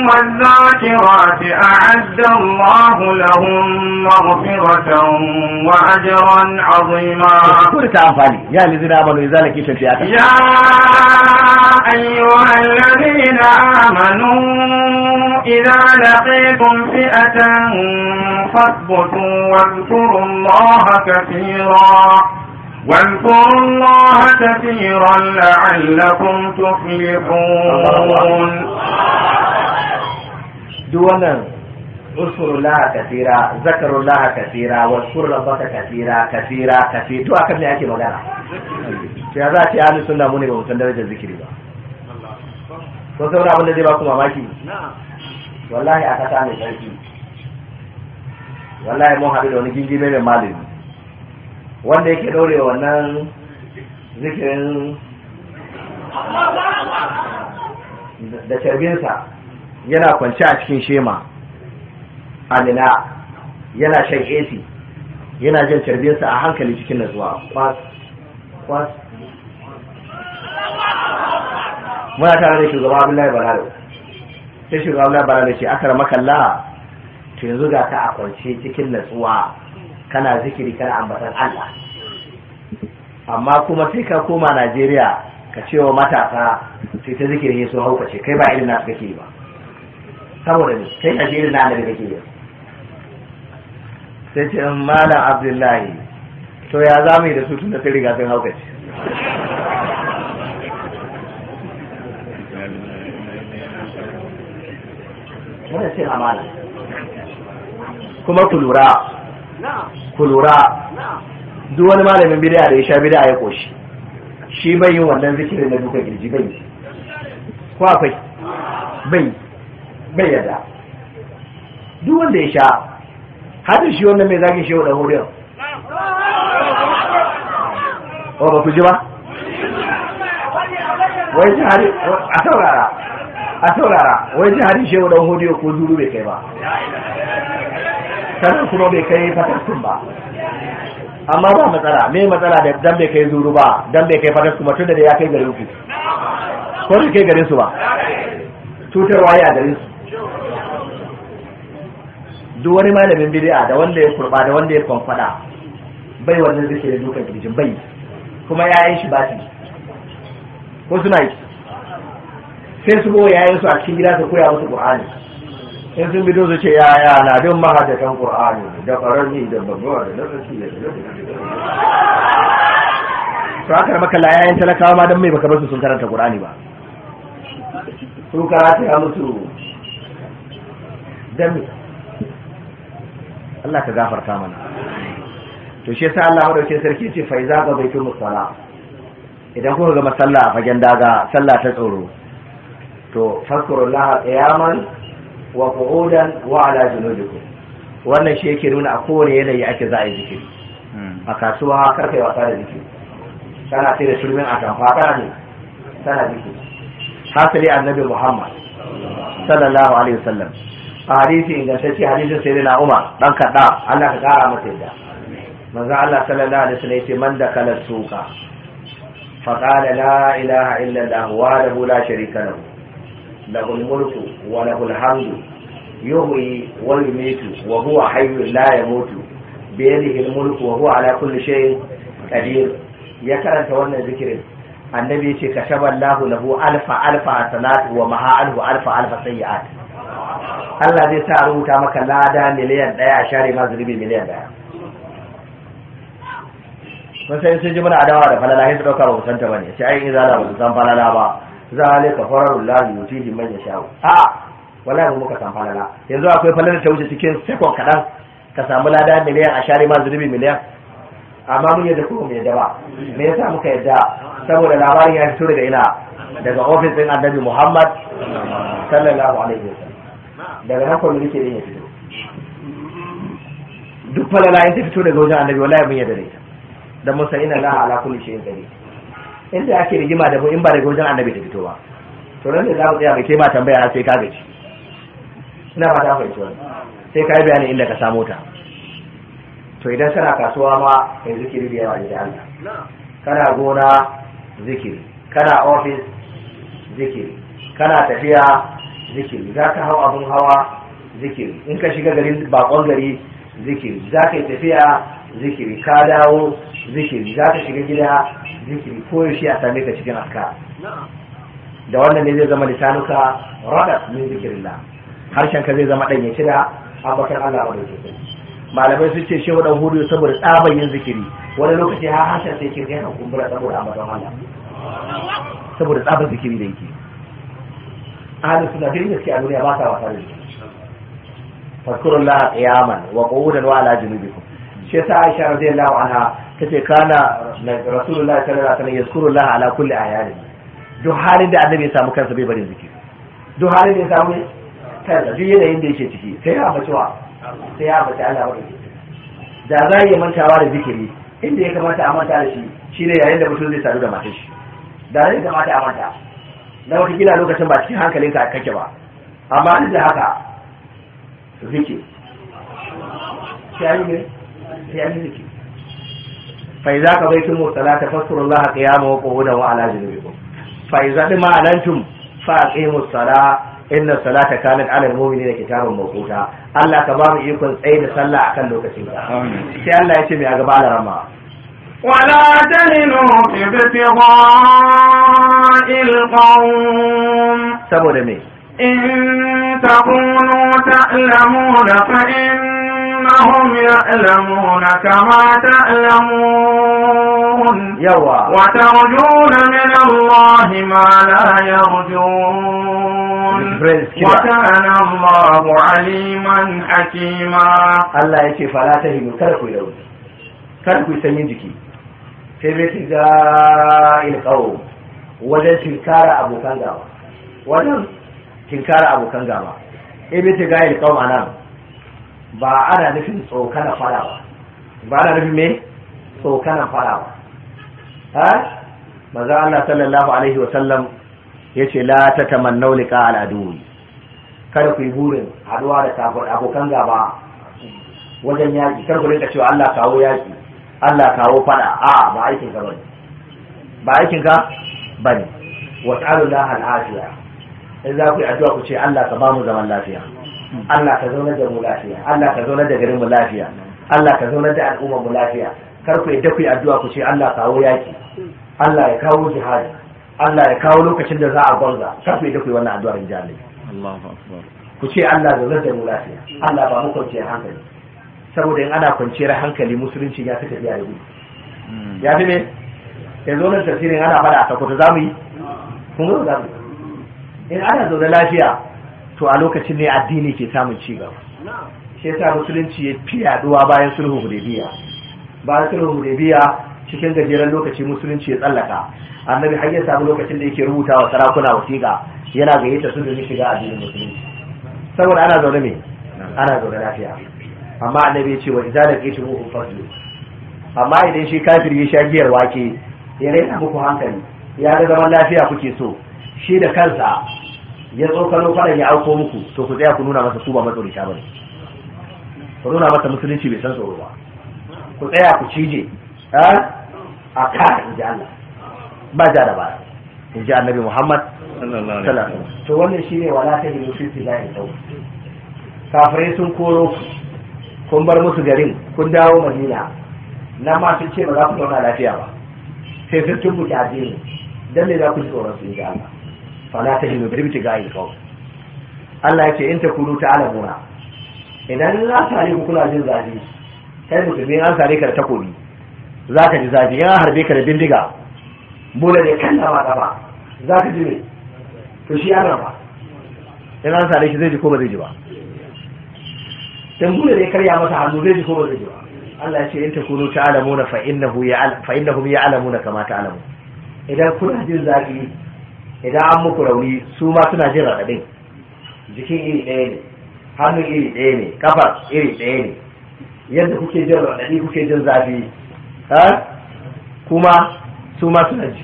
والذاكرات أعد الله لهم مغفرة وأجرا عظيما يا الذين آمنوا لذلك لكيتم يا أيها الذين آمنوا إذا لقيتم فئة فاثبتوا واذكروا واذكروا الله كثيرا واذكروا الله كثيرا لعلكم تفلحون دونا اذكر الله كثيرا ذكر الله كثيرا واذكر ربك كثيرا كثيرا كثيرا تو اكن يا يأتي مغانا يا ذاتي أهل السنة موني بمتن درجة الذكر با kun تو abin da zai ba ku mamaki wallahi a kasa mai wallahi mun haɗu da wani gingime mai malami wanda yake ɗaure wannan zikirin da carbinsa yana kwance a cikin shema alina yana shan esi yana jin carbinsa a hankali cikin natsuwa zuwa kwas muna tare da shugaba abdullahi balalo sai shugaba abdullahi balalo ce aka ramakalla to yanzu ga ta a kwance cikin natsuwa kana zikiri kana ambatan Allah amma kuma sai ka koma Najeriya ka ce wa matasa sai ta zikiri ne hauka ce kai ba irin nasu kake ba saboda ne kai Najeriya na da kake yi sai ce malam Abdullahi to ya mu yi da su tun da sai riga sun haukace wannan sai amana kuma ku lura ku lura duk wani malamin bid'a da ya sha bid'a ya koshi shi bai yi wannan zikirin na duka girji bai ko akwai bai bai yadda duk wanda ya sha hadin shi wannan mai zagin shi da horiyar wa ba ku ji ba wai ji hari a saurara a saurara wai ji hari shehu dan ko zuru bai kai ba sanan kuma bai kai fatastin ba amma ba matsala me matsala da dan bai kai zuru ba dan bai kai fatastin ba tunda da ya kai gare su ko ne kai gare su ba tutar waya gare su duk wani malamin bid'a da wanda ya kurba da wanda ya konfada bai zai zikiri duka kirjin bai kuma yayin shi ba shi ko suna yi sai su goya yayin su a cikin gida su koya musu qur'ani in sun bido su ce yaya na don mahajjatan ƙur'ani da ƙararri da babbawa da nasashi da su aka maka layayen talakawa ma don mai baka basu sun karanta ƙur'ani ba su karata ya mutu. musu dami Allah ka gafarta mana to shi yasa Allah madaukakin sarki ce fa iza gabaitu musalla idan kuka ga masalla fagen daga sallah ta tsoro to fazkurullaha qiyaman wa qu'udan wa ala junubikum wannan shi yake nuna a kowane yanayi ake za a yi zikiri hmm. a kasuwa kar kai wasa da zikiri kana sai da shirmin a kamfa kana ne kana jiki hasali annabi muhammad sallallahu alaihi wasallam a hadisi ingantacce hadisin sai na umar dan kaɗa allah ka kara masa yadda manzo allah sallallahu alaihi wasallam yace man da kala suka faqala la ilaha illa allah wa la sharika lahu له الملك وله الحمد يحيي ويميت وهو حي لا يموت بيده الملك وهو على كل شيء قدير ya karanta wannan zikirin annabi yace kataba Allahu lahu alfa alfa hasanat wa maha alfu alfa alfa Allah zai sa rubuta maka lada miliyan daya share ma zurubi miliyan daya kun sai sun ji muna adawa da falala sai su dauka ba kusanta bane sai ai izala ba su san falala ba zalika fararul lahi yutihi man yasha a wallahi mu muka samu falala yanzu akwai falala ta wuce cikin second kadan ka samu lada miliyan share ma zulubi miliyan amma mun yadda kuma mai yadda ba me yasa muka yadda saboda labarin ya fito daga ina daga ofis din annabi Muhammad sallallahu alaihi wasallam daga nan kullu yake din ya fito duk falala in ta fito daga wajen annabi wallahi mun yadda da ita dan mun san inna Allah ala kulli shay'in qadir inda ake rigima da in ba da gojin annabi ta fito ba to nan ne za ku tsaya mai kai ma tambaya sai ka gaci ina ba ta fahimci wani sai ka yi inda ka samo ta to idan kana kasuwa ma kai zikiri da yawa da Allah kana gona zikiri kana ofis zikiri kana tafiya zikiri za ka hau abin hawa zikiri in ka shiga garin bakon gari zikiri za ka yi tafiya zikiri ka dawo zikiri za ka shiga gida zikiri ko yaushe a same ka cikin aska da wannan ne zai zama lisanuka radat min da harshen ka zai zama ɗanye da abokan Allah wa dauke malamai sun ce shehu dan hudu saboda tsaban yin zikiri wani lokaci har harshen sai kirga yana kumbura saboda amadan hala. saboda tsaban zikiri da yake ahlus suna din gaske a duniya ba ta wasa da shi fadkurullaha qiyaman wa qu'udan wa ala junubikum shi yasa Aisha radiyallahu anha tace kana Rasulullahi sallallahu alaihi wasallam yazkurullaha ala kulli ayali duk halin da annabi ya samu kansa bai bari zikiri duk halin da ya samu kansa duk yanayin da yake ciki sai ya bace wa sai ya bace Allah wani da za yi mantawa da zikiri inda ya kamata a manta da shi ne yayin da mutum zai sadu da matashi. da zai kamata a manta na wata gina lokacin ba cikin ka kake ba amma duk da haka zikiri shi ne sai an yi ciki fa za qadaytum as-salata fadhkurullaha qiyaman wa qu'udan wa ala junubikum fa idza ma alantum fa aqimus salata inna salata kanat ala al-mu'minina kitaban mawquta Allah ka ba ikon tsaye da sallah akan lokacin ta sai Allah ya ce mai a gaba alarama ولا تهنوا في ابتغاء القوم سبو دمي إن تكونوا تعلمون فإن إنهم يألمون كما تألمون يوا وترجون من الله ما لا يرجون وكان الله عليما حكيما الله يكفي فلا تهنوا تركوا يوم تركوا يسمين جكي sai dai su ga ilkawo wajen tinkara abokan gaba wajen tinkara abokan gaba ebe su ga ilkawo a nan ba ana nufin tsokana farawa ba ba ana nufin me tsokana fara ba ha maza Allah sallallahu alaihi wa sallam yace la tatamannu liqa al adu kada ku yi burin haduwa da kafir abokan gaba wajen yaki kar ku rinka cewa Allah kawo yaki Allah kawo fada a ba aikin ka bane ba aikin ka bane wa ta'alu lahal afiya in za ku yi addu'a ku ce Allah ka ba mu zaman lafiya Allah ka zaunar da mu lafiya Allah ka zaunar da garin mu lafiya Allah ka zaunar da al'ummar mu lafiya kar ku yadda ku yi addu'a ku ce Allah kawo yaki Allah ya kawo jihad Allah ya kawo lokacin da za a gwamza kar ku yadda ku yi wannan addu'ar jihadi Allahu akbar ku ce Allah zaunar da mu lafiya Allah ba mu kwanciyar hankali saboda in ana kwanciyar hankali musulunci ya fi tafiya yau hmm. ya fi ne yanzu wannan tafsirin ana fada a sakkwato za mu yi Kuma zo za mu yi in ana zaune lafiya to a lokacin ne addini ke samun ci gaba shi yasa musulunci ya fi yaduwa bayan sulhu hudaybiya bayan sulhu hudaybiya cikin gajeren lokaci musulunci ya tsallaka annabi har ya samu lokacin da yake rubuta wa sarakuna wasiƙa yana gayyata su domin shiga addinin musulunci saboda ana zaune ne ana zaune lafiya amma annabi ya ce wa idan da kitu ruhu faslu amma idan shi kafiri ya sha giyar wake ya raina muku hankali ya ga zaman lafiya kuke so shi da kansa ya tsokano fadan ya auko muku to ku tsaya ku nuna masa su ba matsori sha bane ku nuna masa musulunci bai san tsoro ba ku tsaya ku cije a ka in ji Allah ba ja da ba in ji annabi Muhammad sallallahu alaihi to wannan shine wala ta yi fi tilahi tau kafirai sun koro kun bar musu garin kun dawo Madina na ma sun ce ba za ku zauna lafiya ba sai sun tumbuke addini dan ne za ku ji tsoron su in ji Allah fala ta hinu birbi ga yi kawai Allah ya ce in ta kulu ta alamuna idan za ta ku kuna jin zafi kai musulmi an sare ka da takobi za ka ji zafi ya harbe ka da bindiga bola ne kan dama kafa za ka ji ne to shi ya ba. in an sare shi zai ji ko ba zai ji ba dan bola ne karya masa hannu zai ji ko ba zai ji ba Allah ya ce in ta kulu ta alamuna fa innahu ya fa innahum ya'lamuna kama ta'lamu idan kuna jin zafi idan an muku rauni su ma suna jin raɗaɗin jikin iri ɗaya ne hannu iri ɗaya ne kafa iri ɗaya ne yadda kuke jin raɗaɗi kuke jin zafi kuma su ma suna ji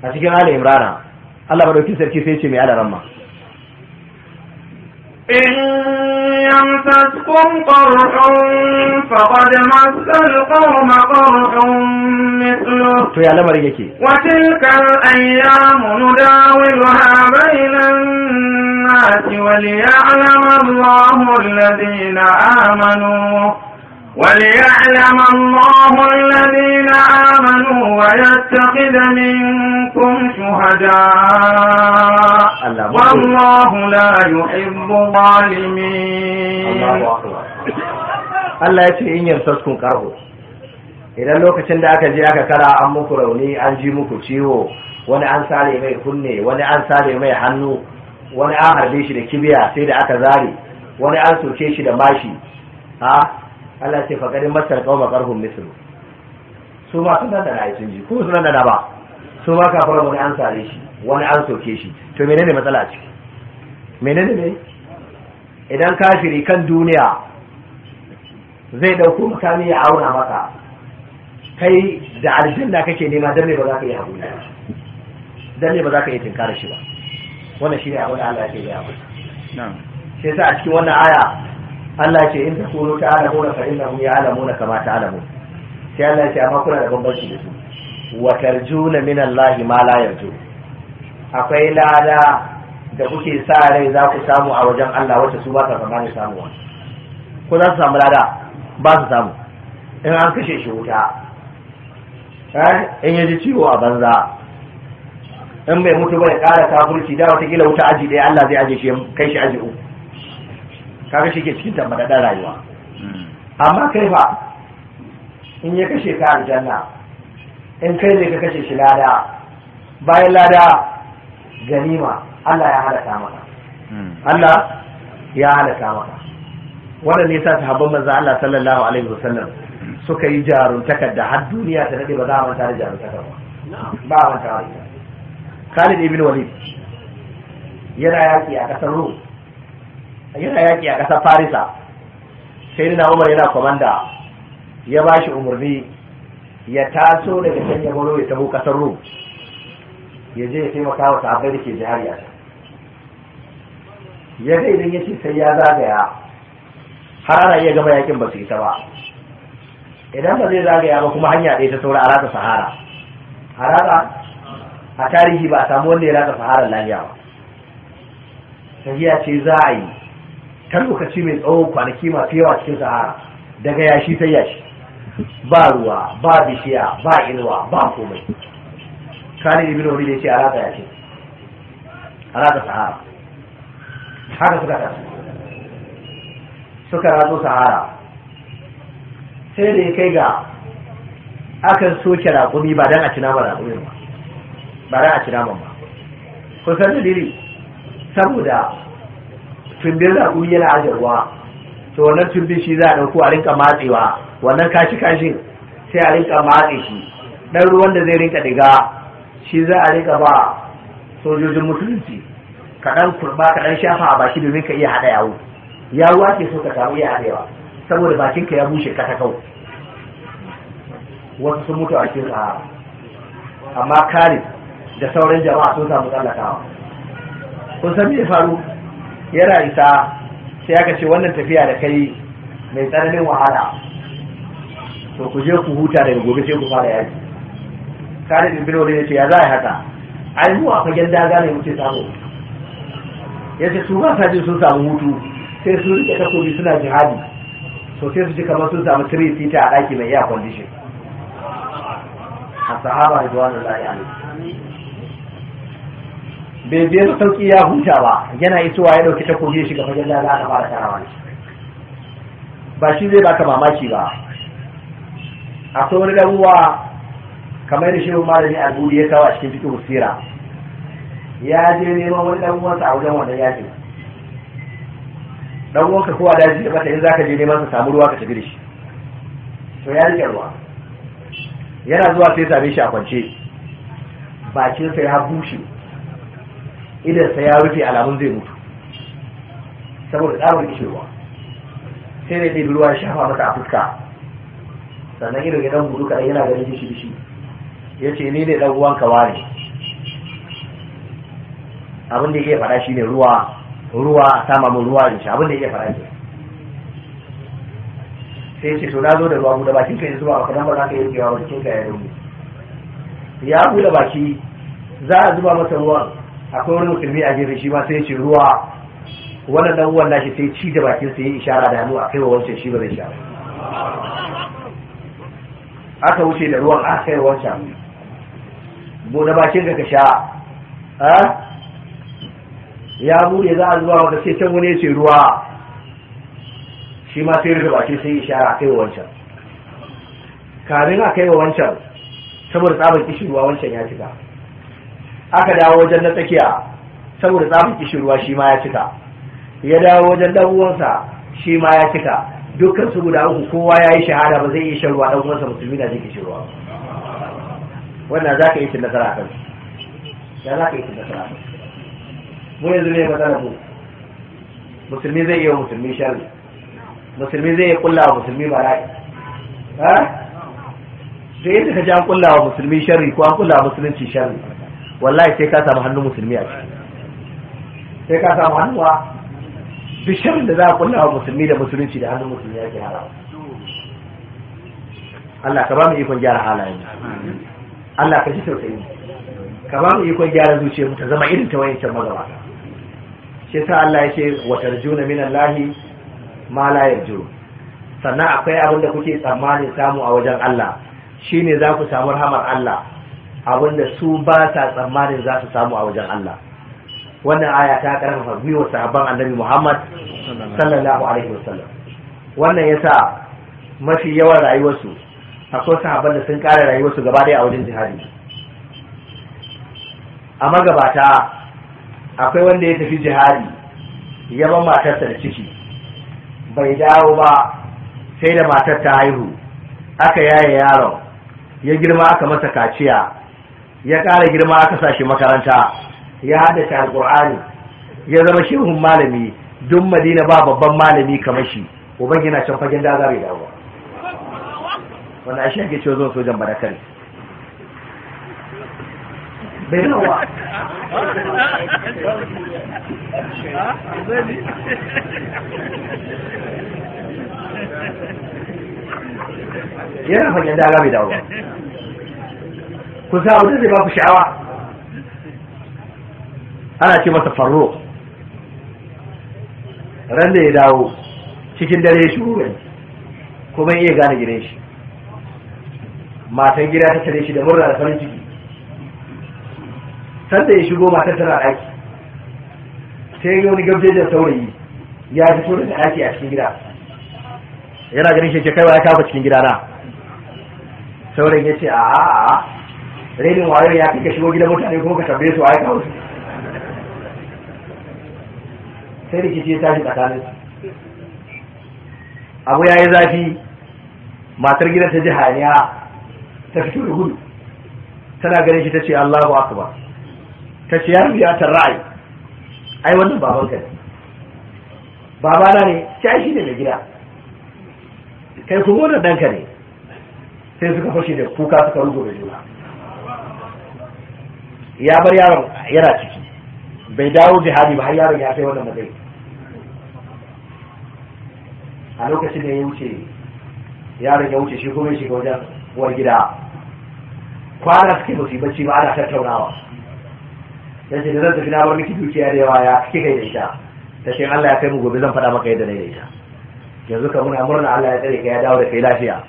a cikin ala imrana Allah madaukin sarki sai ce mai ala ramma يمسسكم قرح فقد مس القوم قرح مثله وتلك الأيام نداولها بين الناس وليعلم الله الذين آمنوا وليعلم الله الذين آمنوا ويتخذ منكم شهداء والله لا يحب الظالمين Allah ya ce in yarsaskun karho idan lokacin da aka je aka kara an muku rauni an ji muku ciwo wani an sare mai kunne wani an sare mai hannu wani an harbe shi da kibiya sai da aka zare wani an soke shi da mashi ha Allah ce fa kadin masar qauma karhum mislu su ma sun da ai sun ji ko sun da ba su ma kafara wani an sare shi wani an soke shi to menene matsala a ciki menene ne idan kafiri kan duniya zai dauko makami ya auna maka kai da aljanna kake nema dan ne ba za ka yi hakuri dan ne ba za ka yi tinkara shi ba wannan shine abin da Allah yake yi ya na'am sai sa a cikin wannan aya Allah ce in takunu ta'lamuna fa innahum ya'lamuna kama ta'lamun sai Allah ce amma kuna da bambanci da su wa tarjuna min Allah ma la yarju akwai lada da kuke sa rai za ku samu a wajen Allah wacce su ba ta da samuwa ko za su samu lada ba su samu in an kashe shi wuta eh, in ya ji ciwo a banza in bai mutu ba ya ƙara kafurci da wata kila wuta aji ɗaya Allah zai aje shi kai shi aji uku kaga shi ke cikin tambadadan rayuwa amma kai ba in ya kashe ka aljanna in kai ne ka kashe shi lada bayan lada ganima Allah ya halaka maka Allah ya halaka maka wannan ne yasa haɓar maza Allah sallallahu alaihi wasallam suka yi jaruntakar da har duniya ta daɗe ba za a manta da jaruntakar ba ba a manta da Khalid ibn Walid yana yaki a kasar ruwa. yana yaƙi a ƙasar farisa sai na umar yana kwamanda ya ba shi umarni ya taso daga can ya gano ya taho ƙasar rum ya je ya taimaka wa sahabbai da ke jihar ya ya idan ya ce sai ya zagaya har ana iya gama yakin ba su isa ba idan ba zai zagaya ba kuma hanya ɗaya ta saura a sahara a rata a tarihi ba a samu wanda ya rata sahara lafiya ba tafiya ce za a yi ta lokaci mai tsawon kwanaki masu yawa cikin sahara daga yashi sai yashi ba ruwa ba bishiya ba inuwa ba komai khalid ibn walid ya ce a rata yashi a rata sahara haka suka tafi suka ratso sahara sai da ya kai ga akan soke raƙumi ba don a ci naman raƙumin ba ba don a ci naman ba kusan dalili saboda tumbin raƙumi yana ajiyarwa. to wannan tumbin shi za a ɗauko a rinka matsewa wannan kashi kashin sai a rinka matse shi ɗan ruwan da zai rinka diga shi za a rinka ba sojojin musulunci kaɗan kurɓa kaɗan shafa a baki domin ka iya haɗa yawo yawo ake so ka samu iya haɗewa saboda ka ya bushe katakau wasu sun mutu a cikin sahara amma kare da sauran jama'a sun samu tsallakawa kun san me faru yana isa sai aka ce wannan tafiya da kai mai tsananin wahala to ku je ku huta daga gobe sai ku fara yaki kare da bin wani ya ce ya za a yi haka ai mu a fagen daga ne muke samu ya ce su ba sa jin sun samu hutu sai su rike takobi suna jihadi to sai su ji kamar sun samu tiri fita a ɗaki mai iya kwandishin a sahaba da zuwa da za'a yi bai biya sauki ya huta ba yana isowa ya dauki takobi shi shiga fagen da aka fara tarawa ba shi zai baka mamaki ba akwai wani garuwa kamar da shehu malami a guri ya kawo a cikin fikin sira ya je neman wani dan uwansa a wajen wannan yaki dan uwanka kowa daji da mata in zaka je neman ka samu ruwa ka tafi da shi to ya rike ruwa yana zuwa sai same shi a kwance bakinsa ya bushe idan sa ya rufe alamun zai mutu saboda tsarin kewa sai da ɗebi ruwa shafa maka a fuska sannan ido ya dan gudu yana ganin dishi dishi ya ce ni ne ɗan uwan kawa ne abin da ya faɗa shi ne ruwa ruwa a sama mun ruwa da shi, abin da ya faɗa shi sai ya ce to na zo da ruwa buɗe bakin ka ya zuwa ba kadan ba za ka yi ruwa bakin kai ya dubu ya buɗe baki za a zuba masa ruwan akwai wani musulmi a gefe shi ma sai ce ruwa wannan dan uwan nashi sai ci da bakin sai yi ishara da hannu a kai wa wancan shi ba zai sha aka wuce da ruwan aka kai wancan bude bakin ka ka sha ya bude za a zuwa wata sai can wani ya ce ruwa shi ma sai rufe bakin sai ishara kai wa wancan kamin a kai wa wancan saboda tsabar kishin ruwa wancan ya cika aka dawo wajen na tsakiya saboda tsamin kishirwa shi ma ya cika ya dawo wajen dan uwansa shi ma ya cika dukkan su guda uku kowa ya yi shahada ba zai iya shan ruwa dan uwansa musulmi na jin kishirwa wannan za ka yi tun nasara a kan ya za ka yi tun nasara a kan mu yanzu ne matsala mu musulmi zai iya musulmi sharri musulmi zai iya kullawa musulmi ba ra'i ha da yadda ka ji an kullawa musulmi sharri ko an kullawa musulunci sharri wallahi sai ka samu hannun musulmi a ciki sai ka samu hannuwa bishir da za a kulla wa musulmi da musulunci da hannun musulmi ke harawa Allah ka ba mu ikon gyara halayen Allah ka ji tausayi ka ba mu ikon gyara zuciyar mu ta zama irin ta wayancan magaba shi sa Allah ya ce wa tarjuna min Allah ma la yarju sannan akwai abin da kuke tsammanin samu a wajen Allah shine za ku samu rahamar Allah abinda su ba sa tsammanin za su samu a wajen Allah wannan aya ta karfafa gwiwa sahabban annabi Muhammad sallallahu alaihi wasallam wannan yasa mafi yawan rayuwarsu akwai sahabban da sun kare rayuwarsu gaba daya a wajen jihadi a magabata akwai wanda ya tafi jihadi ya ba matarsa da ciki bai dawo ba sai da matar ta haihu aka yaye yaron ya girma aka masa kaciya ya ƙara girma aka sa shi makaranta ya shi alƙur'ani ya zama hun malami duk madina ba babban malami kamar shi uban yana can fagen daga bai dawo wanda ashe ake cewa zuwa sojan badakare bai nawa yana fagen daga bai dawo ku sa wani zai ba ku sha'awa ana ce masa farro ran da ya dawo cikin dare shi ruwan kuma iya gane gidan shi matan gida ta tare shi da murna da farin ciki sanda ya shigo matan tana ɗaki sai ga wani gabjejen saurayi ya fito da ɗaki a cikin gida yana ganin shi ke kaiwa ya kafa cikin gida na saurayi ya ce a'a rainin wayo ya fi ka shigo gidan mutane kuma ka tambaye su a aika wasu sai rikici ya tashi tsakanin abu ya yi zafi matar gidan ta ji haniya ta fito da gudu tana ganin shi ta ce Allahu akbar ta ce ya biya ta ra'ayi ai wannan baban ka ne babana ne sai shi ne mai gida kai kuma wannan danka ne sai suka fashe da kuka suka rugo da juna ya bar yaron yana ciki bai dawo jihadi ba har yaron ya kai wannan matsayi a lokacin da ya wuce yaron ya wuce shi kuma wajen uwar gida kwana suke ba su ba ana tattaunawa ya ce da zan tafi na bar miki dukiya da yawa ya kike kai da ita ta ce Allah ya kai mu gobe zan faɗa maka yadda na yi da ita yanzu ka muna murna Allah ya tsare ka ya dawo da kai lafiya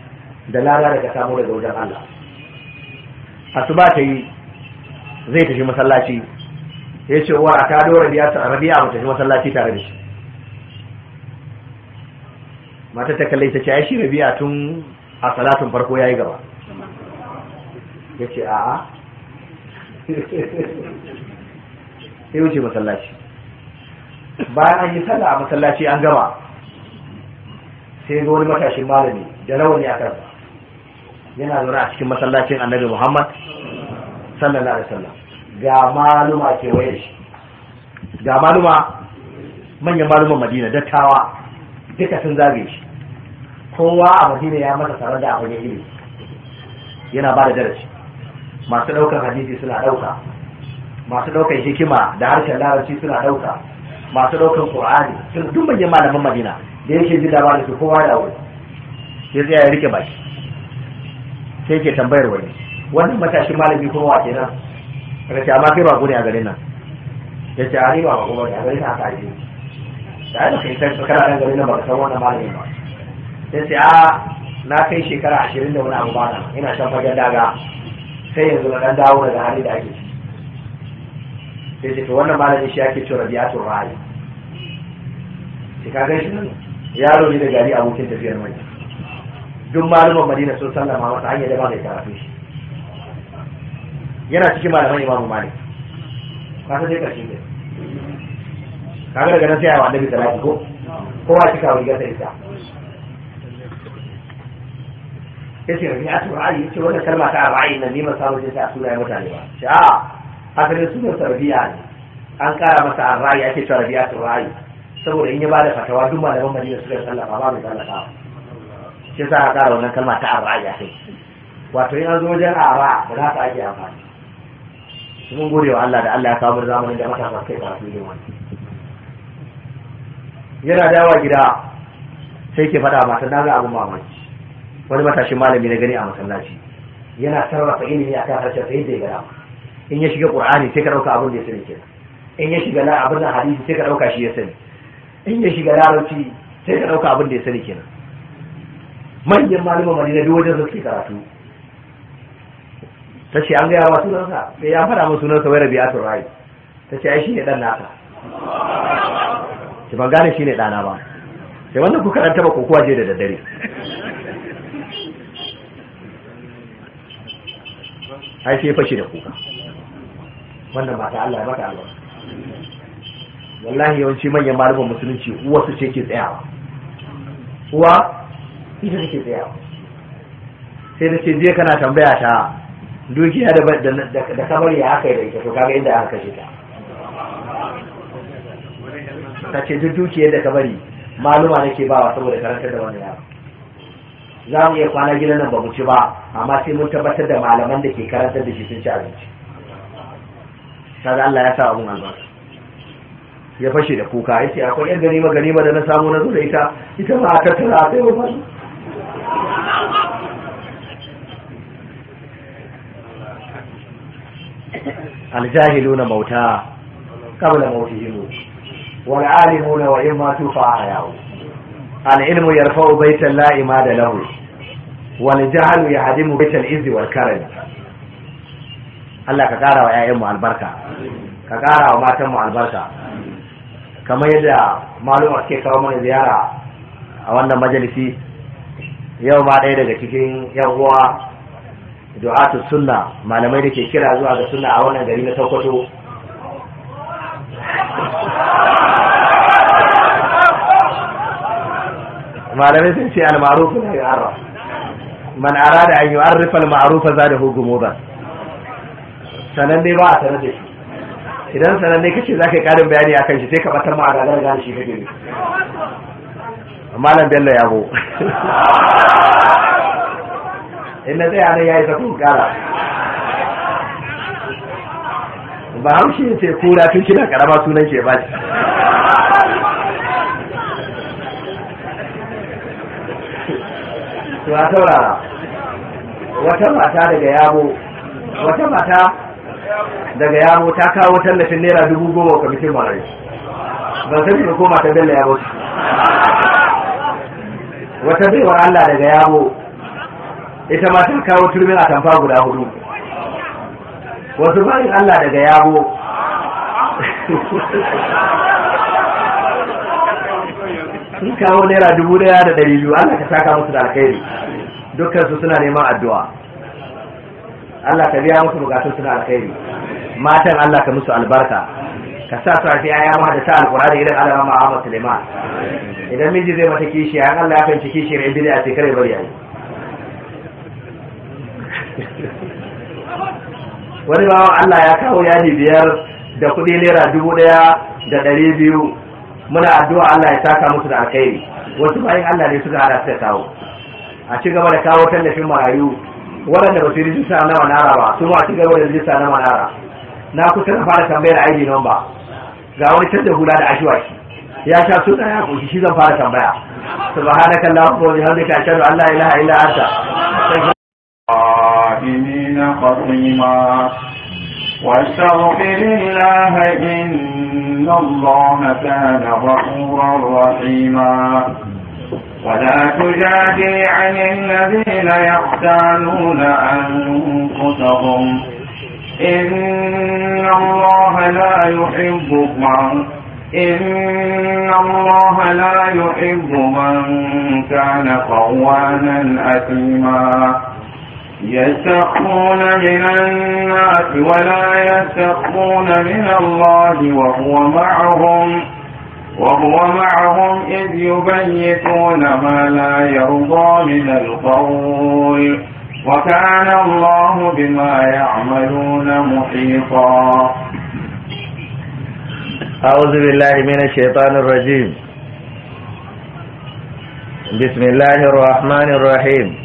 da lada da ka samu daga wajen Allah asuba ta yi zai tafi masallaci ya ce uwar a ta dora biya ta arabiya mu tafi masallaci tare da shi mata ta kalle ta ce ai shi rabiya tun a salatin farko yayi gaba ya ce a'a sai wuce masallaci bayan an yi sallah a masallaci an gama sai zo wani matashin malami da rawani a kansa yana zaune a cikin masallacin annabi muhammad sallallahu alaihi wasallam ga maluma kewaye da shi ga maluma manyan maluman madina dattawa duka sun zage shi kowa a madina ya masa tare da abin ilimi yana ba da darasi masu ɗaukar hadisi suna ɗauka masu ɗaukar hikima da harshen larabci suna ɗauka masu ɗaukar qur'ani sun duk manyan malaman madina da yake ji labarin su kowa da wuri sai ya rike baki sai ke tambayar wani wannan matashin malami kuma wa kenan daga ce amma kai ba gune a garin nan ya ce a riba ba kuma a garin aka yi da ya kai kai kana nan garin nan ba san wannan malami ba sai ce a na kai shekara ashirin da wani abu ba nan, ina shan fagen daga sai yanzu na dan dawo daga hali da ake sai ce to wannan malami shi ake cewa rabiatul ra'i sai ka gaishe nan yaro ne da gari abokin tafiyar mai duk malaman madina sun sallama masa hanyar da ba mai karatu shi yana cikin malaman imam malik ka san sai karshe ne kaga daga nan sai ya annabi salati ko Ko kowa cika wa rigar ita yace ne a tura ali ce wannan kalma ta ra'ayi nan neman samun sai a suna ya mutane ba sha a su sunan sarbiya ne an kara masa ra'ayi ake cewa rabi a ra'ayi saboda in ya bada fatawa duk malaman madina suka tallafa ba mai tallafa shi sa a kara wannan kalma ta ra'ayi ya kai wato in an zo wajen ra'a ba za ta ake amfani mun gode wa Allah da Allah ya kawo zamanin da matasa kai karatu ne wani yana dawa gida sai ke fada mata na ga abin mamaki wani matashin malami na gani a masallaci yana sarrafa ilimi a kan harshen sai zai gara in ya shiga qur'ani sai ka ɗauka abin da ya sani kenan in ya shiga abin da hadisi sai ka ɗauka shi ya sani in ya shiga larabci sai ka ɗauka abin da ya sani kenan manyan malaman madina duk wajen suke karatu ta ce an gaya wa sunansa sai ya faɗa min sunansa wai rabi'atu rai ta ce ai shi ne dan aka. ki ban gane shi ne dana ba sai wannan ku karanta ba ko kuwa je da daddare ai sai fashe da kuka wannan ba ta Allah ya ta Allah wallahi yawanci manyan malaman musulunci uwa su ce ke tsayawa uwa ita take tsayawa sai da ce je kana tambaya ta dukiya da kamar ya haka da ita to kaga inda aka kashe ta ta ce duk dukiyar da ka bari maluma nake bawa saboda karantar da wani yaro za mu iya kwana gidan nan ba mu ci ba amma sai mun tabbatar da malaman da ke karantar da shi sun ci abinci kaga Allah ya sa abun albarka ya fashe da kuka ya ce akwai yan ganima ganima da na samu na zo da ita ita ma a tattara a kai mu fasu aljahiluna mauta qabla mautihim wal alimuna wa in matu fa ahyau al ilmu yarfa'u baytan la imada lahu wal jahlu yahdimu baytal izzi wal karam Allah ka kara wa ƴaƴan mu albarka ka kara wa matan albarka kamar yadda maluma suke kawo mana ziyara a wannan majalisi yau ma ɗaya daga cikin yan uwa du'atu sunna malamai da ke kira zuwa ga sunna a wannan gari na Sokoto malamai sun ce al-ma'ruf la yu'arraf man arada an yu'arrifa al-ma'ruf zadahu gumudan sanan dai ba a sanar da shi idan sanan dai kace zaka karin bayani akan shi sai ka batar ma a gagar shi kake ne malam bello yabo in na tsaya nan yayi zafin kara ba ne sai kura tun kina karama sunan ke ba ta taurara wata mata daga yabo wata mata daga yabo ta kawo tallafin naira dubu goma wa kwamitin marai ban sani ba ko mata dalla yabo wata zai wa Allah daga yabo ita ma ta kawo turmin atamfa guda hudu wasu bayan Allah daga yabo sun kawo naira dubu daya da dari biyu Allah ka saka musu da alkhairi su suna neman addu'a Allah ka biya musu bukatun suna alkhairi matan Allah ka musu albarka ka sa su arfi sa alkura da ta alkurani irin alama ma'amar suleiman idan miji zai mata kishiyar, an Allah ya fahimci kishiyar ibida a shekarar bari a yi wani bawa Allah ya kawo yadi biyar da kuɗi naira dubu ɗaya da ɗari biyu muna addu'a Allah ya saka musu da alkhairi wasu bayan Allah ne suka hada suka kawo a ci gaba da kawo tallafin marayu waɗanda ba su yi rijista na manara ba su ma a ci gaba da rijista na manara na kusa na fara tambayar ID ba ga wani canza hula da ashiwashi ya sha su ya ƙunshi shi zan fara tambaya subhanakallahumma wa bihamdika ashhadu an la ilaha illa anta قائمين خصيما واستغفر الله إن الله كان غفورا رحيما ولا تجادل عن الذين يختالون أنفسهم إن الله لا يحب من إن الله لا يحب من كان قوانا أثيما يستخفون من الناس ولا يستخفون من الله وهو معهم وهو معهم إذ يبيتون ما لا يرضى من القول وكان الله بما يعملون محيطا أعوذ بالله من الشيطان الرجيم بسم الله الرحمن الرحيم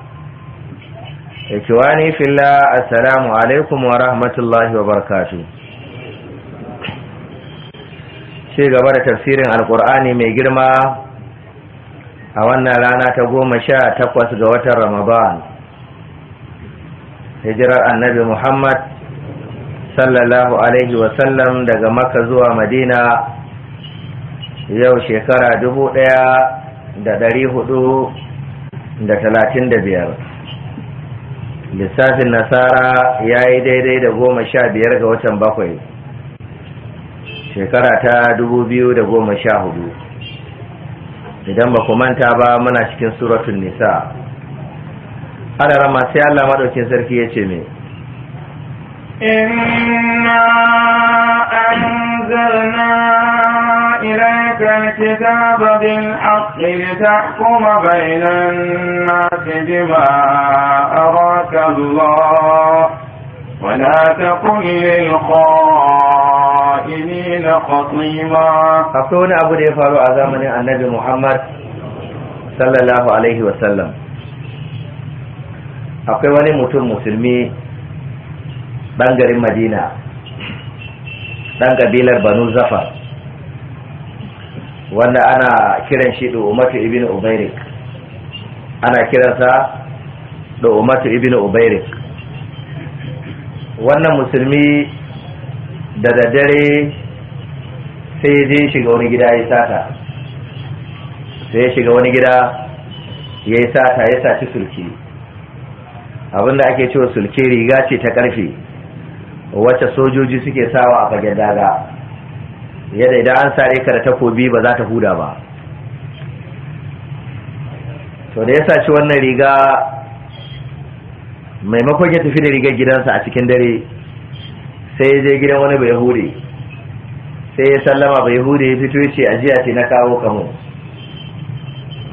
ikiwani filla assalamu alaikum wa rahmatullahi wa barakatu ce gaba da tafsirin alkur'ani mai girma a wannan rana ta goma sha takwas ga watan ramadan hijirar annabi muhammad sallallahu alaihi wasallam daga maka zuwa madina yau shekara dubu ɗaya da dari hudu da talatin da biyar lissafin nasara ya yi daidai da goma sha biyar ga watan bakwai shekara ta dubu biyu da goma sha hudu idan ba ku manta ba muna cikin suratun nisa ana rama sai allah maɗaukin sarki ya ce mai إنا أنزلنا إليك الكتاب بالحق لتحكم بين الناس بما أراك الله ولا تكن للخائنين خصيما أخونا أبو ديفارو أزامن النبي محمد صلى الله عليه وسلم أخواني wani mutum ɗan garin madina ɗan ƙabilar banu zafa wanda ana kiran shi umatu ibn ubairik ana kiransa umatu ibn ubairik wannan musulmi da daddare sai ya je shiga wani gida ya sata sai ya shiga wani gida ya sata ya saci sulki abinda ake cewa sulki riga ce ta ƙarfe wacce sojoji suke sawa a fagen daga yadda idan an sare ka da takobi ba za ta huda ba to da ya ci wannan riga maimakon ya tafi da rigar gidansa a cikin dare sai ya je gidan wani bai hure sai ya sallama bai hure ya fito ce ajiya ce na kawo kamo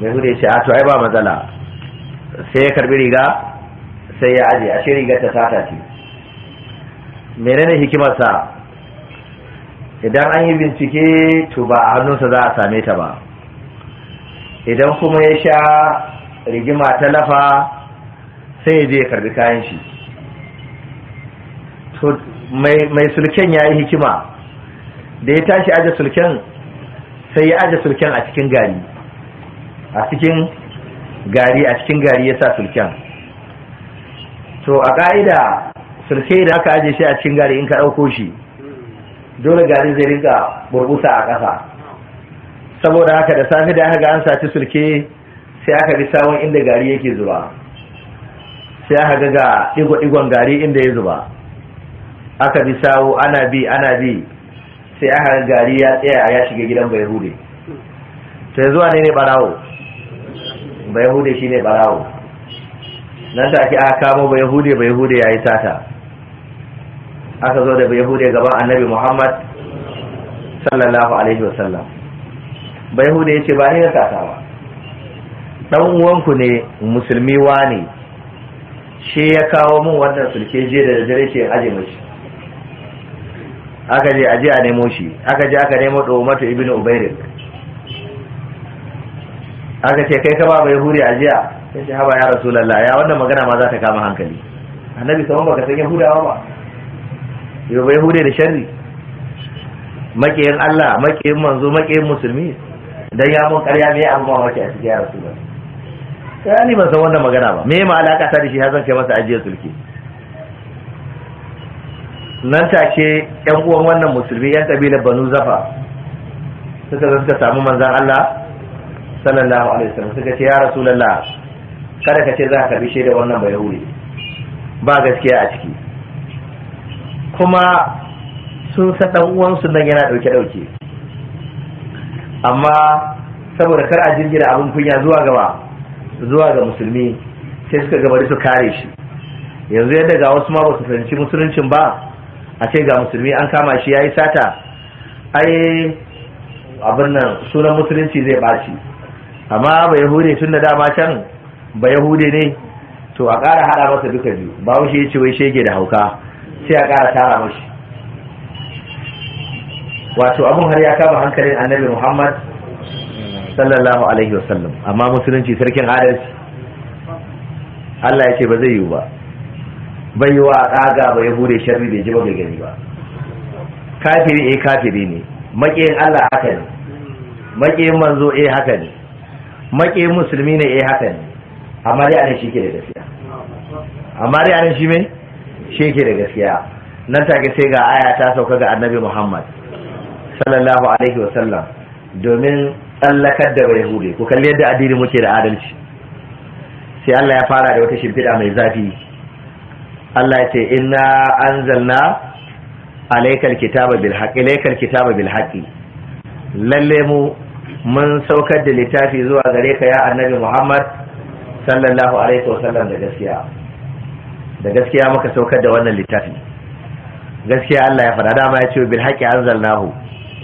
bai hure ce a to ai ba matsala sai ya karbi riga sai ya aje a shi rigar ta sata ce menene hikimarsa idan an yi bincike to ba a hannunsa za a same ta ba idan kuma ya sha rigima talafa sai ya je ya karbi kayan shi mai sulken ya yi hikima da ya tashi aje sulken sai ya aje sulken a cikin gari a cikin gari a cikin gari ya sa sulken to a ƙa'ida surke da aka aje shi a cikin gari in ka ɗauko shi dole gari zai rinka burbusa a ƙasa saboda haka da safe da aka ga an saci surke sai aka bi sawon inda gari yake zuba sai aka ga ga digo gari inda ya zuba aka bi sawo ana bi ana bi sai aka ga gari ya tsaya ya shiga gidan bai hude Sai zuwa ne ne barawo bai hude shi ne barawo nan ake aka kamo bai hude bai hude ya yi sata aka zo da yahude gaban annabi muhammad sallallahu alaihi wasallam ba Bai ya ce ba ni ka ba dan uwanku ne musulmi ne shi ya kawo min wannan sulke je da dare ce aje mashi aka je aje a nemo shi aka je aka nemo dawamatu ibnu ubairik aka ce kai ka ba bai huri ajiya sai ce haba ya rasulallah ya wannan magana ma za ta kama hankali annabi ba baka san yahudawa ba yau bai hude da shari makiyin Allah makiyin manzo makiyin musulmi don ya mun karya mai an ba wace a cikin ya rasu ba ya yi ban san wannan magana ba me ma alaka ta da shi har zan kai masa ajiyar sulki nan ta ke yan uwan wannan musulmi yan kabilar banu zafa suka zan suka samu manzan Allah sallallahu alaihi wasallam suka ce ya rasulullah kada ka ce za ka bi shaida wannan bai ba gaskiya a ciki kuma sun sa dan uwansu nan yana ɗauke-ɗauke. amma saboda kar a jirgin abin kunya zuwa gaba zuwa ga musulmi sai suka gabari su kare shi yanzu yadda ga wasu ma su fahimci musuluncin ba a ce ga musulmi an kama shi ya yi sata ai abin nan sunan musulunci zai ɓaci. amma ba yahude tun da dama can ba yahude ne to a ƙara haɗa masa duka biyu ba wuce ya ce wai shege da hauka sai a ƙara tara mashi wato abun har ya kama hankalin annabi muhammad sallallahu alaihi wasallam amma musulunci sarkin adalci allah ya ce ba zai yiwu ba bai yi wa ƙaga ba ya hure sharri bai ji ba bai gani ba kafiri eh kafiri ne maƙiyin allah haka ne maƙiyin manzo eh haka ne maƙiyin musulmi ne eh haka ne amma dai anan shi ke da gaskiya amma dai anan shi mai shi yake da gaskiya nan take sai ga aya ta sauka ga annabi muhammad sallallahu alaihi wasallam domin tsallakar da bai hude ku kalli yadda addini muke da adalci sai allah ya fara da wata shimfiɗa mai zafi allah ya ce inna anzalna alaikal kitaba bil haqqi alaikal kitaba bil haqqi lalle mu mun saukar da littafi zuwa gare ka ya annabi muhammad sallallahu alaihi wasallam da gaskiya da gaskiya muka saukar da wannan littafi gaskiya Allah ya faɗa dama ya ce bil haqqi anzalnahu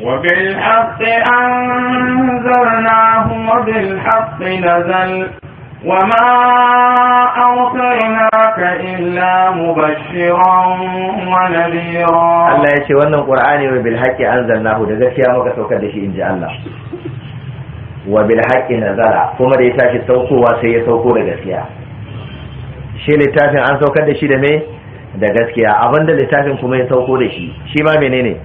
wa bil haqqi anzalnahu wa bil haqqi nazal wa ma arsalnaka illa mubashiran wa nadhira Allah ya ce wannan qur'ani wa bil haqqi anzalnahu da gaskiya muka saukar da shi inji Allah wa bil haqqi nazala kuma da ya tashi saukowa sai ya sauko da gaskiya shi littafin an saukar da shi da me da gaskiya abinda littafin kuma ya sauko da shi shi ma menene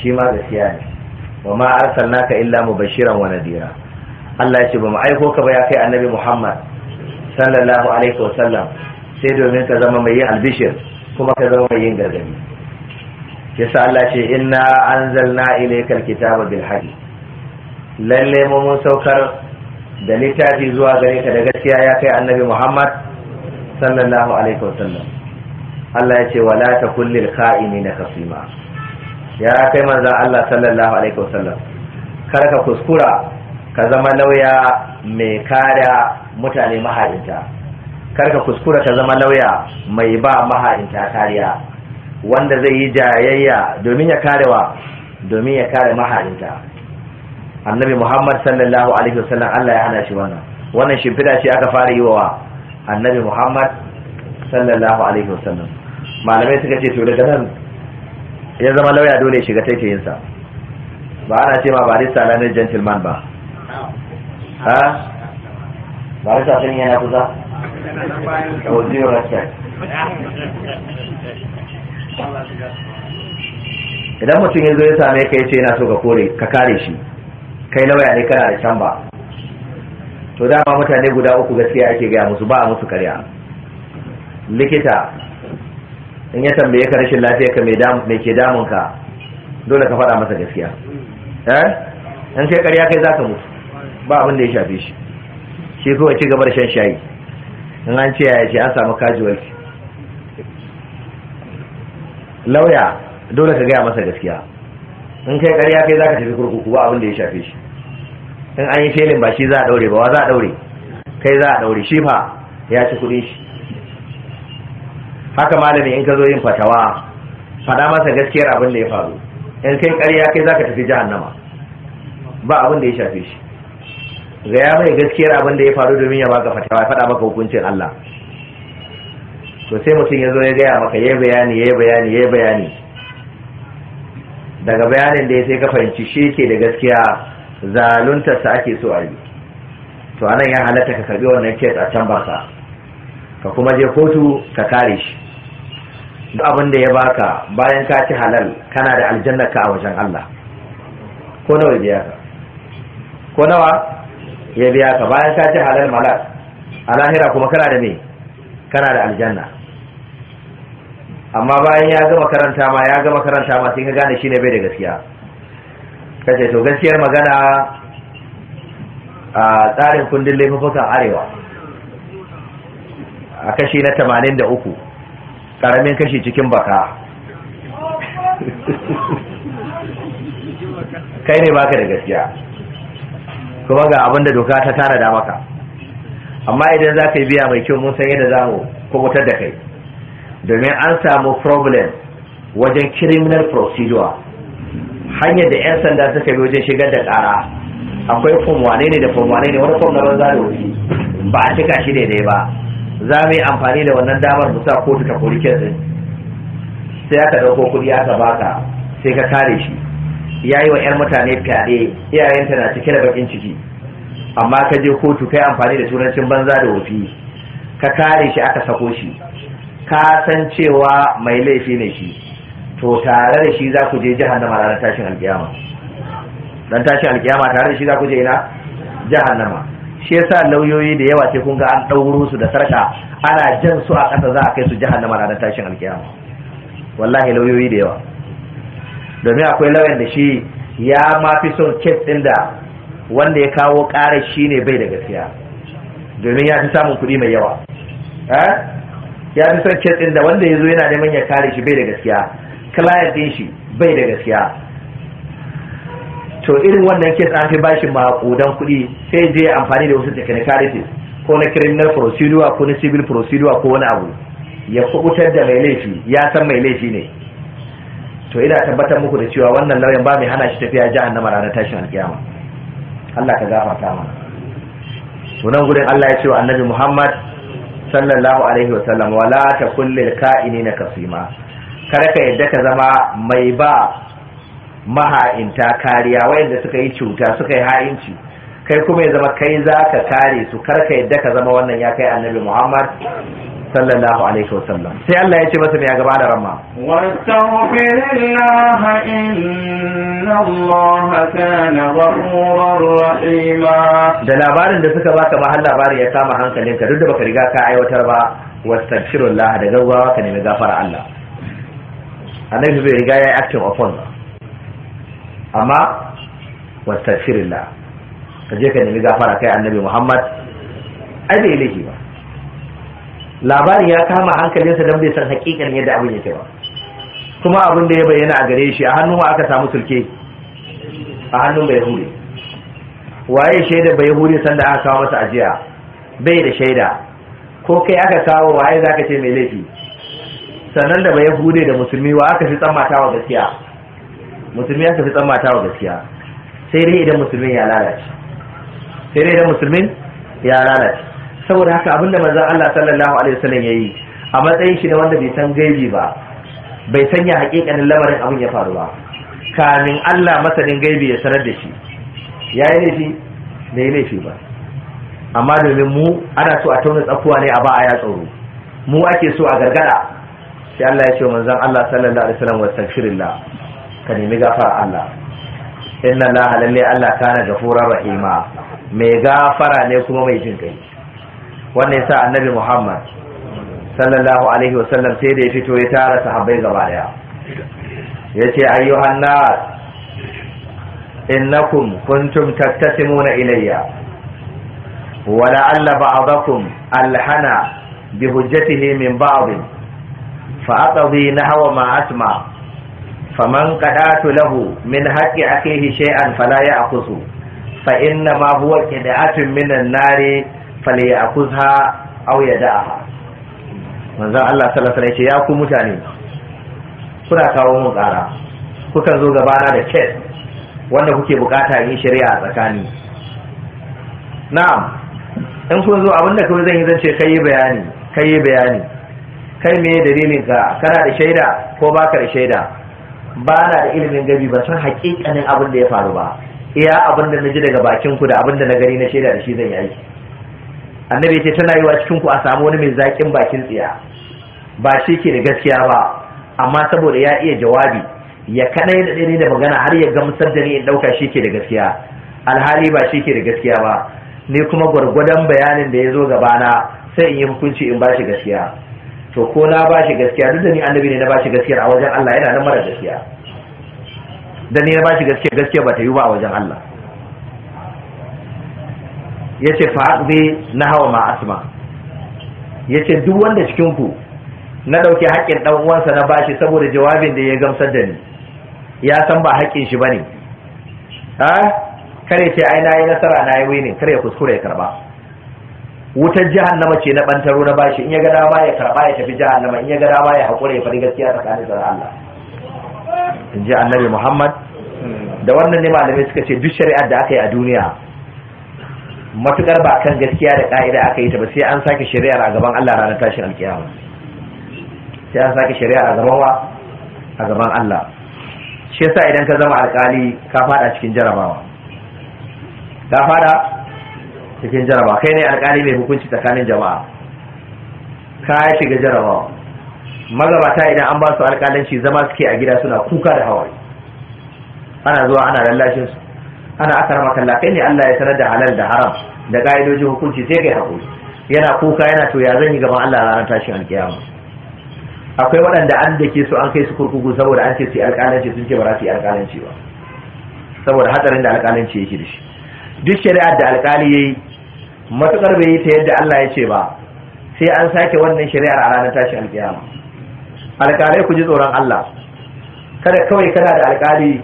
shi ma gaskiya ne wa ma arsalnaka illa mubashiran wa nadira Allah ya ce ba mu aiko ka ba ya kai annabi Muhammad sallallahu alaihi wa sallam sai domin ka zama mai yin albishir kuma ka zama mai yin gargadi yasa Allah ce inna anzalna ilaykal kitaba bil haqq lalle mu mun saukar da littafi zuwa gare ka da gaskiya ya kai annabi Muhammad sallallahu alaihi wasallam Allah ya ce la ta al-qa'imi na kasima ya kai manzo Allah sallallahu alaihi wasallam kar ka kuskura ka zama lauya mai kada mutane maharinta kar ka kuskura ka zama lauya mai ba maharinta kariya wanda zai yi jayayya domin ya karewa domin ya kare maharinta annabi muhammad sallallahu alaihi wasallam Allah ya hana shi wannan wannan shimfida ce aka fara yi wa annabi muhammad sallallahu alaihi wasallam malamai suka ce to daga nan ya zama lauya dole ya shiga taitayinsa ba ana ce ma barista ne gentleman ba ha barista sun yana kusa o oh, zero respect idan mutum ya zo ya same ka ya ce yana so ka kore ka kare shi kai lauya ne kana da can ba to dama mutane guda uku gaskiya ake gaya musu ba a musu karya likita in ya tambaye ka rashin lafiyarka mai ke damunka dole ka faɗa masa gaskiya eh in sai karya kai zaka mutu ba abin da ya shafe shi shi ko ci gaba da shan shayi in an ce ya ce an samu casual lauya dole ka gaya masa gaskiya in kai karya kai zaka tafi kurkuku ba abin da ya shafe shi in an yi felin ba shi za a daure ba wa za a daure kai za a daure shi fa ya ci kudin shi haka malami in ka zo yin fatawa fada masa gaskiyar abin da ya faru in kai karya kai za ka tafi jahannama ba abin da ya shafe shi ga ya mai gaskiyar abin da ya faru domin ya baka fatawa ya fada maka hukuncin Allah to sai mutum ya zo ya gaya maka ya bayani ya bayani ya bayani daga bayanin da ya sai ka fahimci shi ke da gaskiya zalunta ta ake so a yi to anan ya halatta ka karbi wannan kes a can basa ka kuma je kotu ka kare shi duk abin da ya baka bayan ka ci halal kana da aljanna ka a wajen Allah ko nawa biya ka ko nawa ya biya ka bayan ka ci halal malal a lahira kuma kana da me kana da aljanna amma bayan ya gama karanta ma ya gama karanta ma sai ka gane shi ne bai da gaskiya kace to gaskiyar magana a tsarin kundin laifukan arewa a kashi na tamanin da uku, karamin kashi cikin baka kai ne baka da gaskiya kuma ga abinda doka ta tanada maka amma idan za ka yi biya mai kyau mun san yadda za mu kubutar da kai domin an samu problem wajen criminal procedure hanyar da 'yan sanda suka bi wajen shigar da kara akwai fomwane ne da fomwane ne wani fomwane banza da ba a cika shi ne ba za mu yi amfani da wannan damar mu sa kotu ka kori kesin sai aka ɗauko kuɗi aka baka sai ka kare shi ya yi wa 'yan mutane fyaɗe iyayenta na cike da bakin ciki amma ka je kotu kai amfani da turancin banza da wofi ka kare shi aka sako shi ka san cewa mai laifi ne shi to tare da shi za ku je jahannama ranar tashin alkiyama dan tashin alkiyama tare da shi za ku je ina jahannama shi yasa lauyoyi da yawa ce kun ga an ɗauro su da sarka ana jan su a ƙasa za a kai su jahannama ranar tashin alkiyama wallahi lauyoyi da yawa domin akwai lauyan da shi ya ma fi son kes ɗin da wanda ya kawo ƙara shi ne bai da gaskiya domin ya fi samun kuɗi mai yawa eh? ya fi son kes ɗin da wanda ya zo yana neman ya kare shi bai da gaskiya client din shi bai da gaskiya to irin wannan kes an fi bashi maƙudan kuɗi sai je amfani da wasu technicalities ko na criminal procedure ko na civil procedure ko wani abu ya kubutar da mai laifi ya san mai laifi ne to ina tabbatar muku da cewa wannan lauyan ba mai hana shi tafiya jahannama ranar tashin alkiyama Allah ka gafarta mana sunan gurin Allah ya ce wa annabi Muhammad sallallahu alaihi wa sallam wala takul lil ka'inina kasima Kar ka yadda ka zama mai ba maha'inta kariya wayanda suka yi cuta suka yi ha'inci kai kuma ya zama kai za ka kare su kar ka yadda ka zama wannan ya kai annabi muhammad sallallahu alaihi wasallam sai Allah ya ce masa mai gaba da ramma kana ghafurur da labarin da suka baka ma har labarin ya kama hankalinka duk da baka riga ka aiwatar ba wastaghfirullah da gaggawa ka nemi gafara Allah annabi bai riga ya yi acting upon ba amma la. ka je ka nemi gafara kai annabi Muhammad ai bai laifi ba labarin ya kama hankalinsa don bai san hakikan yadda abin yake ba kuma abin da ya bayyana a gare shi a hannun wa aka samu sulke a hannun bai hure waye shaida bai hure sanda aka kawo masa ajiya bai da shaida ko kai aka kawo waye zaka ce mai laifi sannan da bai hude da musulmi wa aka fi tsammata wa gaskiya musulmi aka fi tsammata wa gaskiya sai dai idan musulmin ya lalace sai dai idan musulmin ya lalace saboda haka abinda manzon Allah sallallahu alaihi wasallam yayi a matsayin shi da wanda bai san gaibi ba bai sanya hakikanin lamarin abin ya faru ba kamin Allah masanin gaibi ya sanar da shi yayi laifi bai laifi ba amma domin mu ana so a tauna tsakuwa ne a ba a ya tsoro mu ake so a gargada sai Allah ya ce manzon Allah sallallahu alaihi wasallam wastaghfirillah ka nemi gafara Allah inna Allah lalle Allah kana gafurar rahima mai gafara ne kuma mai jin kai wannan yasa annabi Muhammad sallallahu alaihi wasallam sai da ya fito ya tara sahabbai gaba daya yace ayyuhan nas innakum kuntum tattasimuna ilayya wa la'alla ba'dakum alhana bi hujjatihi min ba'd فأقضي نحو ما أسمع فمن قدعت له من حق أخيه شيئا فلا يأخذه فإنما هو كدعة من النار فليأخذها أو يدعها manzon Allah sallallahu alaihi wasallam ya ku mutane kuna kawo mun ƙara kukan zo gabana da cet wanda kuke bukata yin shari'a a tsakani na'am in kun zo abinda kawai zan yi zan ce kai bayani kai bayani kai me dalilin ka kana da shaida ko baka da shaida ba na da ilimin gabi ba san hakikanin abin da ya faru ba iya abin da na ji daga bakin ku da abin da na gani na shaida da shi zan yi aiki annabi ce tana yiwa cikin ku a samu wani mai zakin bakin tsiya ba shi ke da gaskiya ba amma saboda ya iya jawabi ya kadai da dare da magana har ya gamsar da ni in dauka shi ke da gaskiya alhali ba shi ke da gaskiya ba ni kuma gwargwadon bayanin da ya zo gabana sai in yi hukunci in ba shi gaskiya to ko na ba shi gaskiya duk da ni annabi ne na ba shi gaskiya a wajen Allah yana nan mara gaskiya dan ni na ba shi gaskiya gaskiya ba ta yi ba a wajen Allah yace fa aqbi na hawa ma asma yace duk wanda cikin ku na dauke haƙin dan uwansa na bashi saboda jawabin da ya gamsar da ni ya san ba haƙƙin shi bane ha ah, kare ce ai nayi nasara nayi wini kare kuskure karba wutar na ce na bantaro na bashi in ya ga dama ya karba ya tafi jahannama in ya ga dama ya haƙura ya fari gaskiya tsakanin da Allah in ji annabi Muhammad da wannan ne malamai suka ce duk shari'ar da aka yi a duniya matukar ba kan gaskiya da ka'ida aka yi ta ba sai an sake shari'ar a gaban Allah ranar tashin alkiyama sai an sake shari'ar a gaban wa a gaban Allah shi yasa idan ka zama alkali ka fada cikin jarabawa ka fada cikin jaraba kai ne alkali mai hukunci tsakanin jama'a ka shiga jarabawa magabata idan an ba su alkalanci zama suke a gida suna kuka da hawa. ana zuwa ana lallashin su ana rama kalla kai ne Allah ya sanar da halal da haram da ka'idojin hukunci sai kai haƙuri. yana kuka yana to ya zan yi gaban Allah ranar tashin alkiyama akwai waɗanda an dake su an kai su kurkuku saboda an ce su alkalanci sun ce ba za su yi alkalanci ba saboda hatsarin da alkalanci yake da shi duk shari'ar da alkali yi. matukar bai yi ta yadda Allah ya ce ba sai an sake wannan shari'ar a ranar tashi alkiyama alkalai ku ji tsoron Allah kada kawai kana da alkali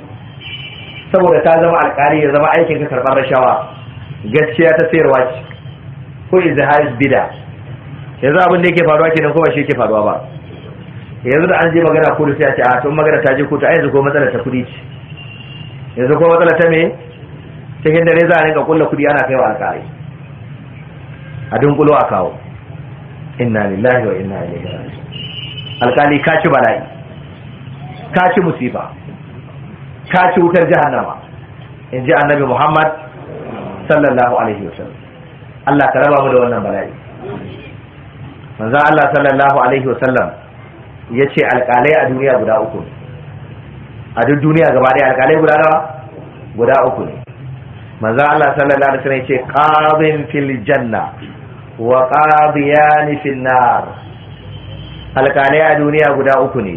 saboda ta zama alkali ya zama aikin ka karɓar rashawa gaskiya ta sayarwa ce ko izahar bida yanzu abin da yake faruwa kenan ko ba shi yake faruwa ba yanzu da an je magana kudu sai a ce a tun magana ta je kudu a yanzu ko matsalar ta kudi ce yanzu ko matsalar ta me cikin dare za a rinka kulla kudi ana kaiwa alkali a dunkulo a kawo inna lillahi wa inna ilaihi raji'un alkali ka ci bala'i ka ci musifa ka ci wutar jahannama in ji annabi muhammad sallallahu alaihi wasallam Allah ka raba mu da wannan bala'i manzo Allah sallallahu alaihi wasallam yace alkalai a duniya guda uku a duk duniya gaba da alkalai guda nawa guda uku ne manzon Allah sallallahu alaihi wasallam yace ce fil janna wa qadiyani fil nar alƙalai a duniya guda uku ne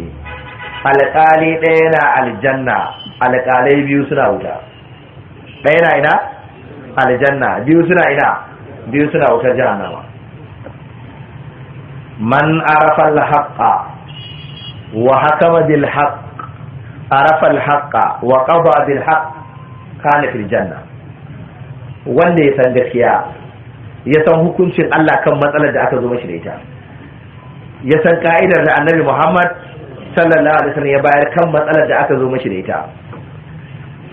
alƙali ɗaya na aljanna alƙalai biyu suna wuta ɗaya na ina aljanna biyu suna ina biyu suna wutar jahannama man arafa al-haqqa wa hakama bil haqq arafa al-haqqa wa qada bil haqq kana fil janna wanda ya san gaskiya ya san hukuncin Allah kan matsalar da aka zo mashi da ita ya san ka'idar da annabi Muhammad sallallahu alaihi wasallam ya bayar kan matsalar da aka zo mashi da ita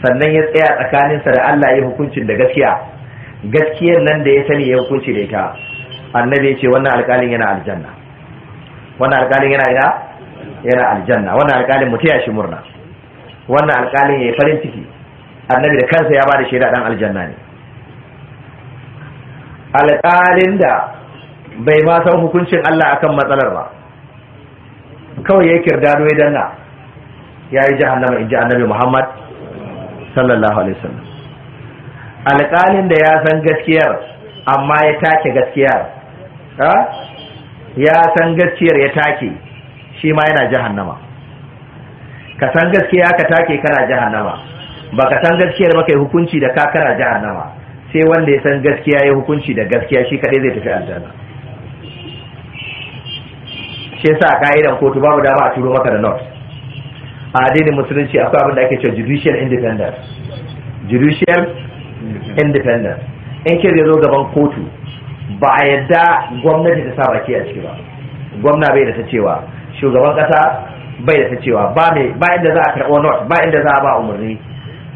sannan ya tsaya tsakaninsa da Allah ya hukuncin da gaskiya gaskiyar nan da ya sani ya hukunci da ita annabi ya ce wannan alƙalin yana aljanna wannan alƙalin yana ina yana aljanna wannan alƙalin mutum ya shi murna wannan alƙalin ya yi farin ciki annabi da kansa ya ba da shaida dan aljanna ne alƙalin da bai ma san hukuncin Allah akan matsalar ba kawai ya kirda ya danna ya yi jahannama in ji annabi Muhammad sallallahu alaihi wasallam alƙalin da ya san gaskiyar amma ya take gaskiyar ya san gaskiyar ya take shi ma yana jahannama ka san gaskiya ka take kana jahannama baka san gaskiyar ba kai hukunci da ka kana jahannama sai wanda ya san gaskiya ya hukunci da gaskiya shi kaɗai zai tafi aljanna shi yasa ka'idan kotu babu dama a turo maka da not a addinin musulunci akwai abin da ake cewa judicial independence judicial independence in kin zo gaban kotu ba a yadda gwamnati ta sa baki a ciki ba gwamna bai da ta cewa shugaban kasa bai da ta cewa ba ba inda za a karɓo not ba inda za a ba umarni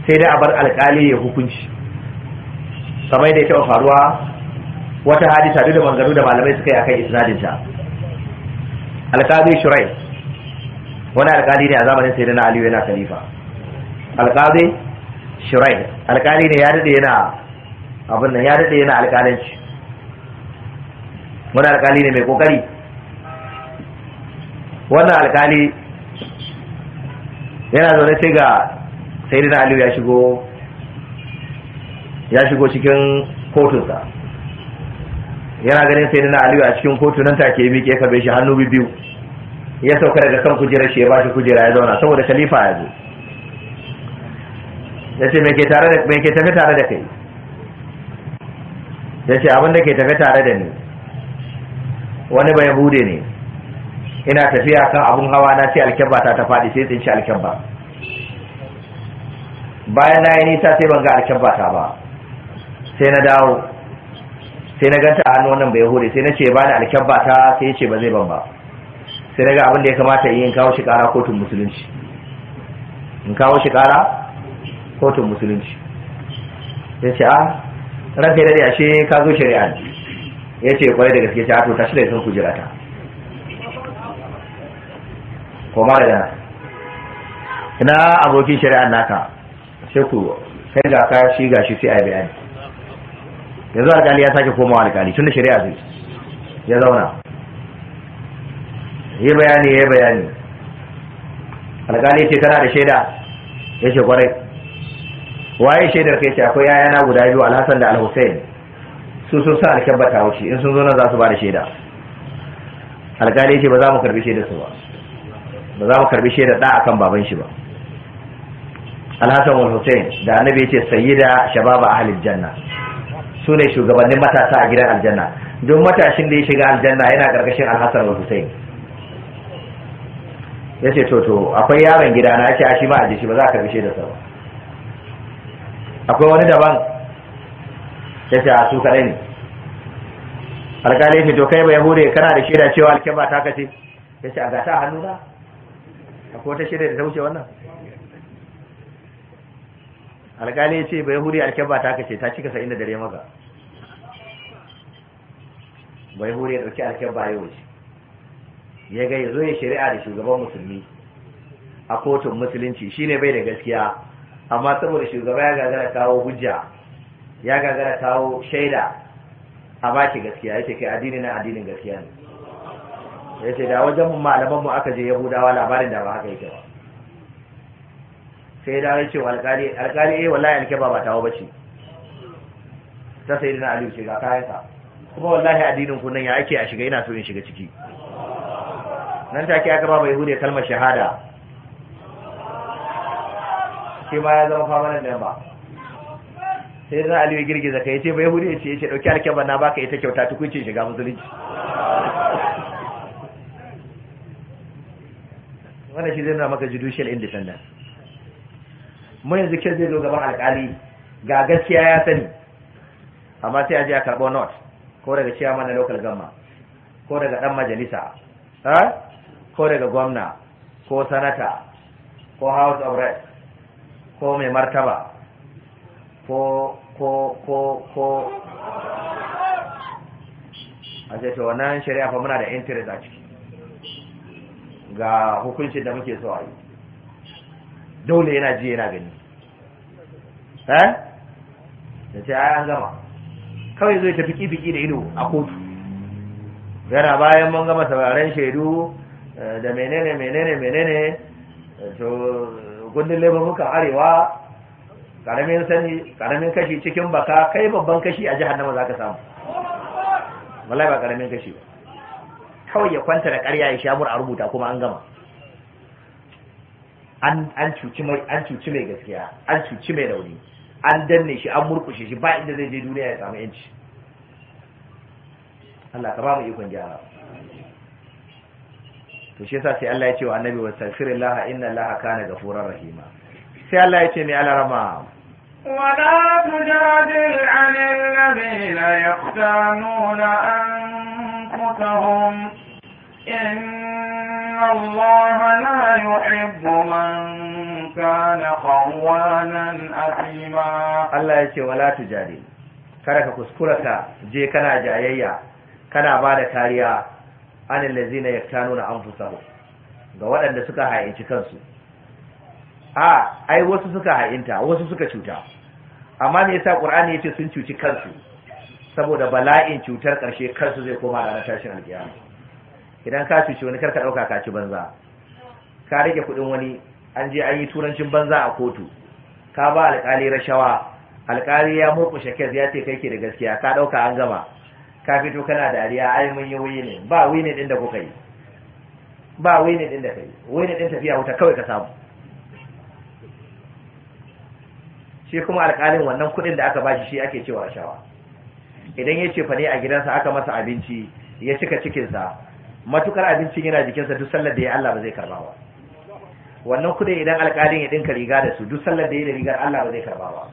sai dai a bar alkali ya hukunci kamar da ya taɓa faruwa wata hadisa duk da manzaru da malamai suka yi akan ta alƙali shurai wani alƙali ne a zamanin sai na aliyu yana khalifa alƙali shurai alƙali ne ya daɗe yana abin nan ya daɗe yana alƙalanci wani alƙali ne mai ƙoƙari wannan alƙali yana zaune sai ga Sayyidina aliyu ya shigo ya shigo cikin kotunsa yana ganin sai na aliyu a cikin kotu take miƙe ka bai shi hannu biyu ya sauka daga kan kujerar shi ya bashi kujera ya zauna saboda khalifa ya zo ya ce me ke tafi tare da kai ya ce abin ke tafi tare da ni wani bai bude ne ina tafiya kan abun hawa na ce alkyabba ta ta faɗi sai tsinci alkyabba bayan na yi nisa sai ban ga alkyabba ta ba sai na dawo sai na ganta a wannan bai hure sai na ce ba da alkyabba ta sai ya ce ba zai ban ba sai daga abin da ya kamata in kawo shi kara kotun musulunci in kawo shi kara kotun musulunci ya ce a ah, ranka ya dade ashe ka zo shari'a ya ce kwarai da gaske ah, ta ta shirya da sun kujira ta koma da dana ina abokin shari'a naka sai ku kai ga ka shi shi sai a bayani yanzu Alkali ya sake komawa Alkali, tun da shari'a zai ya zauna yi bayani ya yi bayani Alkali ce kana da shaida ya ce kwarai waye shaidar kai ce akwai yayana guda biyu alhassan da alhussein su sun sa alkyabba ta wuce in sun zo nan za su ba da shaida Alkali ce ba za mu karbi shaidar su ba ba za mu karbi shaidar da akan baban shi ba alhassan wal hussein da annabi ya ce sayyida shababa ahlil janna su ne shugabannin matasa a gidan aljanna duk matashin da ya shiga aljanna yana karkashin alhassan wa husaini ya ce to to akwai yaron gida na ce a shi ma a shi ba za a karbi da sau akwai wani daban ya ce a su kadai ne alƙali ce to kai ba hure. kana da shaida cewa alkeba ta kace ya ce a gata hannu na akwai wata shaida da ta wuce wannan alƙali ya ce bai huri ba ta kashe ta cika sa'in da dare maka bai huri ya ɗauki ba ya wuce ya ga zo ya shari'a da shugaban musulmi a kotun musulunci shi ne bai da gaskiya amma saboda shugaba ya gagara kawo hujja ya gagara kawo shaida a baki gaskiya yake kai addini na addinin gaskiya ne ce da wajen mu malaman mu aka je yahudawa labarin da ba haka yake ba sai da ya ce wa alkali alkali eh wallahi alke ba tawo bace ta sai dina aliyu ce ga kayan kuma wallahi addinin ku nan ya ake a shiga ina so in shiga ciki nan take aka ba mai hude kalmar shahada ke ma ya zama famanan da ba sai dina aliyu girgiza kai ce bai hude ce ce dauki ba na baka ita kyauta tukuncin shiga musulunci wannan shi zai na maka judicial independence mu yanzu ke zai zo gaban alƙali ga gaskiya ya sani amma sai a je a karɓo not ko daga chairman na local gamma ko daga ɗan majalisa ko daga gwamna ko sanata ko house of reps ko mai martaba ko ko ko ko a ce to wannan shari'a fa muna da interest a ciki ga hukuncin da muke so a yi dole yana ji yana gani da eh? ce ai an gama kawai zai ta tafi kifiki da ido a kotu yana bayan mun gama sauraren shaidu eh, da menene menene menene eh, to gundun laifukan arewa karamin sani karamin kashi cikin baka kai babban kashi a jihar nama za ka samu wallahi ba karamin kashi ba kawai ya kwanta da karya ya shamur a rubuta kuma an gama an cuci mai gaskiya an cuci mai rauni an danne shi an murkushe shi ba inda zai je duniya ya samu yanci Allah ka ba mu ikon gyara to shi yasa sai Allah ya ce wa annabi laha inna allaha kana ghafurar rahima sai Allah ya ce mai alarama ولا تجادل عن الذين يختانون أنفسهم إن الله لا يحب من kana khawanan أثيما Allah يتي wala tujari kada ka kuskura ka je kana jayayya kana ba da kariya an allazina yaktanuna anfusahum ga waɗanda suka haici kansu a ai wasu suka hainta wasu suka cuta amma me yasa qur'ani yace sun cuci kansu saboda bala'in cutar ƙarshe kansu zai koma ranar tashin alƙiyama idan ka cuci wani karka ɗauka ka ci banza ka rage kuɗin wani an je an yi turancin banza a kotu ka ba alƙali rashawa alƙali ya murƙushe shakes ya ce kai ke da gaskiya ka ɗauka an gama ka fito kana dariya ai mun yi wuyi ne ba wuyi ne ɗin da kuka yi ba wuyi ne ɗin da kai wuyi ne din tafiya wuta kawai ka samu shi kuma alƙalin wannan kuɗin da aka bashi shi ake cewa rashawa idan ya ce fa ne a gidansa aka masa abinci ya cika cikinsa matukar abincin yana jikinsa duk sallar da ya Allah ba zai karba ba wannan kudin idan alkalin ya dinka riga da su duk sallar da ya da rigar Allah ba zai karba ba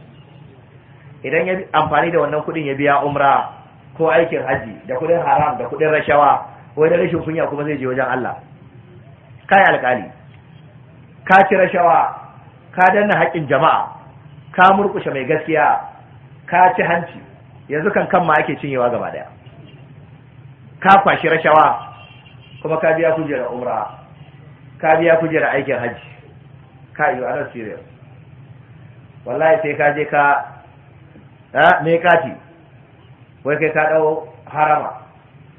idan ya amfani da wannan kudin ya biya umra ko aikin haji da kudin haram da kudin rashawa ko da rashin kunya kuma zai je wajen Allah kai alkali ka ci rashawa ka danna haƙƙin jama'a ka murkushe mai gaskiya ka ci hanci yanzu kan kan ma ake cinyewa gaba daya ka kwashi rashawa kuma ka biya kujerar umra ka biya kujera aikin hajji ka yi wa serious wallahi sai ka je ka ha me kati wai kai ka dau harama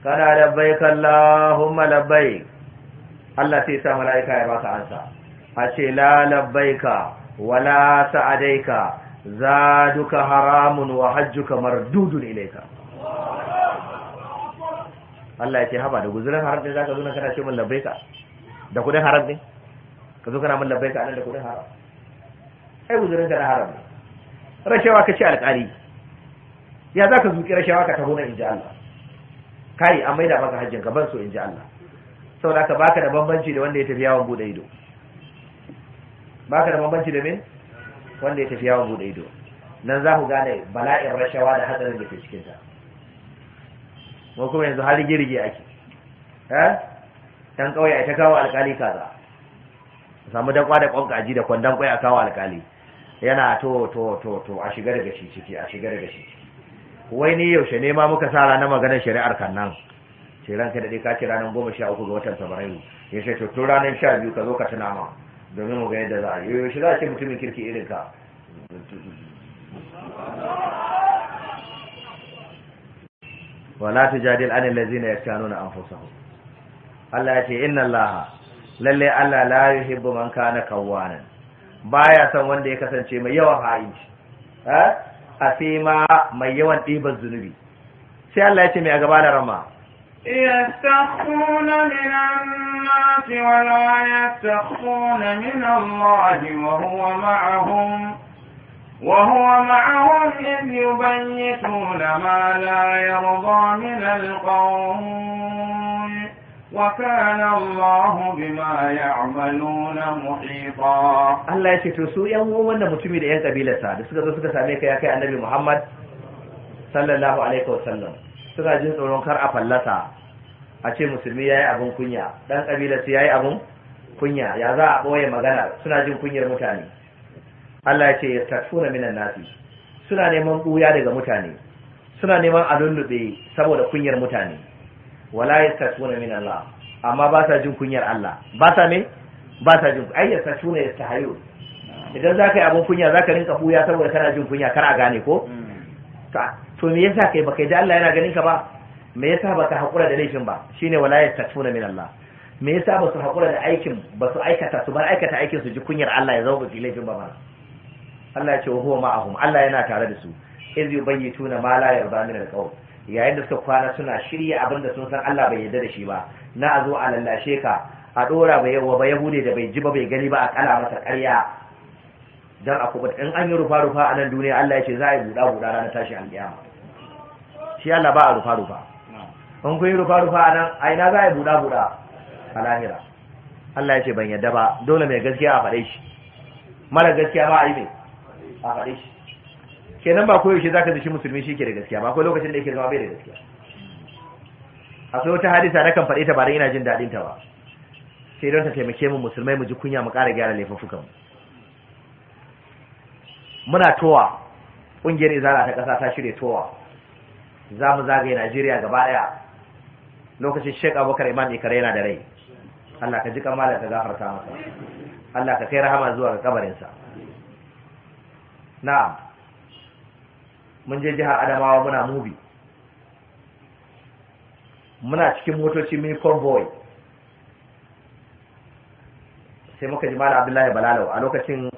kana labbaik allahumma labbai. Allah sai sa malaika ya baka ansa a ce la labbaika wala sa'adaika zaduka haramun wa hajjuka mardudun ilaika Allah ya ce haba da guzurin haram da zaka zo nan kana ce mun labbaika da kudin haram ne ka zo kana min ka anan da kudin haram ai uzurin ka na haram ne rashawa ka ce alƙali ya za ka zuƙi rashawa ka taho na inji Allah kai an maida maka hajjin ka ban so inji Allah saboda ka baka da bambanci da wanda ya tafi yawon bude ido baka da bambanci da me wanda ya tafi yawon bude ido nan za ku gane bala'in rashawa da hatsarin da ke cikin ta mu kuma yanzu har girgi ake eh can kawai a ta kawo alkali kaza samu dan da kwan kaji da kwandon kwai a kawo alkali yana to to to to a shiga daga shi ciki a shiga daga shi ciki wai ni yaushe ne ma muka sara na maganar shari'ar kan nan sai ranka da dai ka ce nan goma sha uku ga watan fabrairu ya ce to to ranar sha biyu ka zo ka tuna ma domin mu ga yadda za a yi yaushe za a ce mutumin kirki irin ka wala tujadil anil ladzina yaktanuna anfusahum Allah ya ce inna Allah lalle Allah la yuhibbu man kana kawwanan baya san wanda ya kasance mai yawan ha'inci eh a fi ma mai yawan dibar zunubi sai Allah ya ce mai a gaba da rama yastakhuna min an-nas wa la yastakhuna min Allah wa huwa ma'ahum wa huwa ma'ahum id yubayyituna ma la yarda min al وكان الله بما يعملون محيطا الله يشي to su yan uwan wannan mutumi da yan kabilarsa da suka zo suka same ka ya kai Muhammad sallallahu alaihi suka jin tsoron kar a fallasa a ce musulmi ya yi abun kunya dan kabilar ya yi abun kunya ya za a boye magana suna jin kunyar mutane Allah ya ce ya yastafuna minan nasi suna neman buya daga mutane suna neman a lullube saboda kunyar mutane wala yastatuna min Allah amma ba sa jin kunyar Allah ba sa me ba sa jin ai yastatuna yastahayu idan zaka yi abun kunya zaka rinka huya saboda kana jin kunya kar a gane ko hmm. to me yasa kai baka ji Allah yana ganin ka ba me yasa baka hakura da laifin ba shine wala yastatuna min Allah me yasa ba su hakura da aikin ba su aikata su bar aikata aikin su ji kunyar Allah ya zama ba laifin ba ba Allah ya ce wa huwa ma'ahum Allah yana tare da su iz yubayyituna ma la yarda min al yayin da suka kwana suna shirya abin da sun san Allah bai yarda da shi ba na a zo a lallashe ka a dora ba yawa ba yahude da bai ji ba bai gani ba a kala masa ƙarya dan a kuɓa in an yi rufa rufa a nan duniya Allah ya ce za a yi buɗa buɗa na tashi alƙiyama shi Allah ba a rufa rufa in kun yi rufa rufa a nan a ina za a yi buɗa buɗa a lahira Allah ya ce ban yarda ba dole mai gaskiya a faɗe shi mara gaskiya ba a yi mai a faɗe shi kenan ba koyaushe za ka zashi musulmi shi ke da gaskiya ba akwai lokacin da yake zama bai da gaskiya akwai wata hadisa na kan faɗe ta ba ina jin daɗin ta ba sai don ta taimake mu musulmai mu ji kunya mu ƙara gyara laifuffukan muna towa ƙungiyar izara ta ƙasa ta shirya towa za mu zagaye najeriya gaba ɗaya lokacin shek abubakar imam ikare yana da rai allah ka ji kamala ka gafarta masa allah ka kai rahama zuwa ga kabarinsa na'am mun je jihar adamawa muna mubi muna cikin motoci mini convoy sai muka ji malam abdullahi balalau a lokacin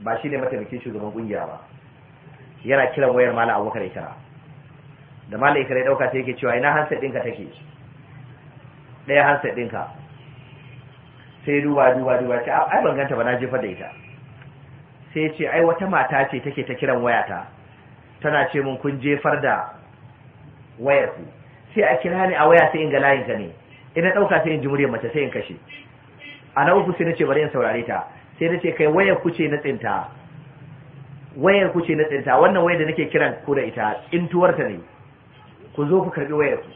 ba shi ne mataimakin shugaban kungiya ba yana kiran wayar malam abubakar ikira da malam ikira ya dauka sai yake cewa ina hansa ɗinka take ɗaya hansa ɗinka sai duba duba duba ce ai ban ganta ba na jefa da ita sai ce ai wata mata ce take ta kiran wayata tana ce mun kun jefar da wayar su sai a kira ni a waya sai in ga layin ka ne ina ɗauka sai in ji muryar mace sai in kashe a na uku sai na ce bari in saurare ta sai na ce kai wayar ku ce na tsinta wayar ku ce na tsinta wannan wayar da nake kiran ku da ita tuwar ta ne ku zo ku karbi wayar ku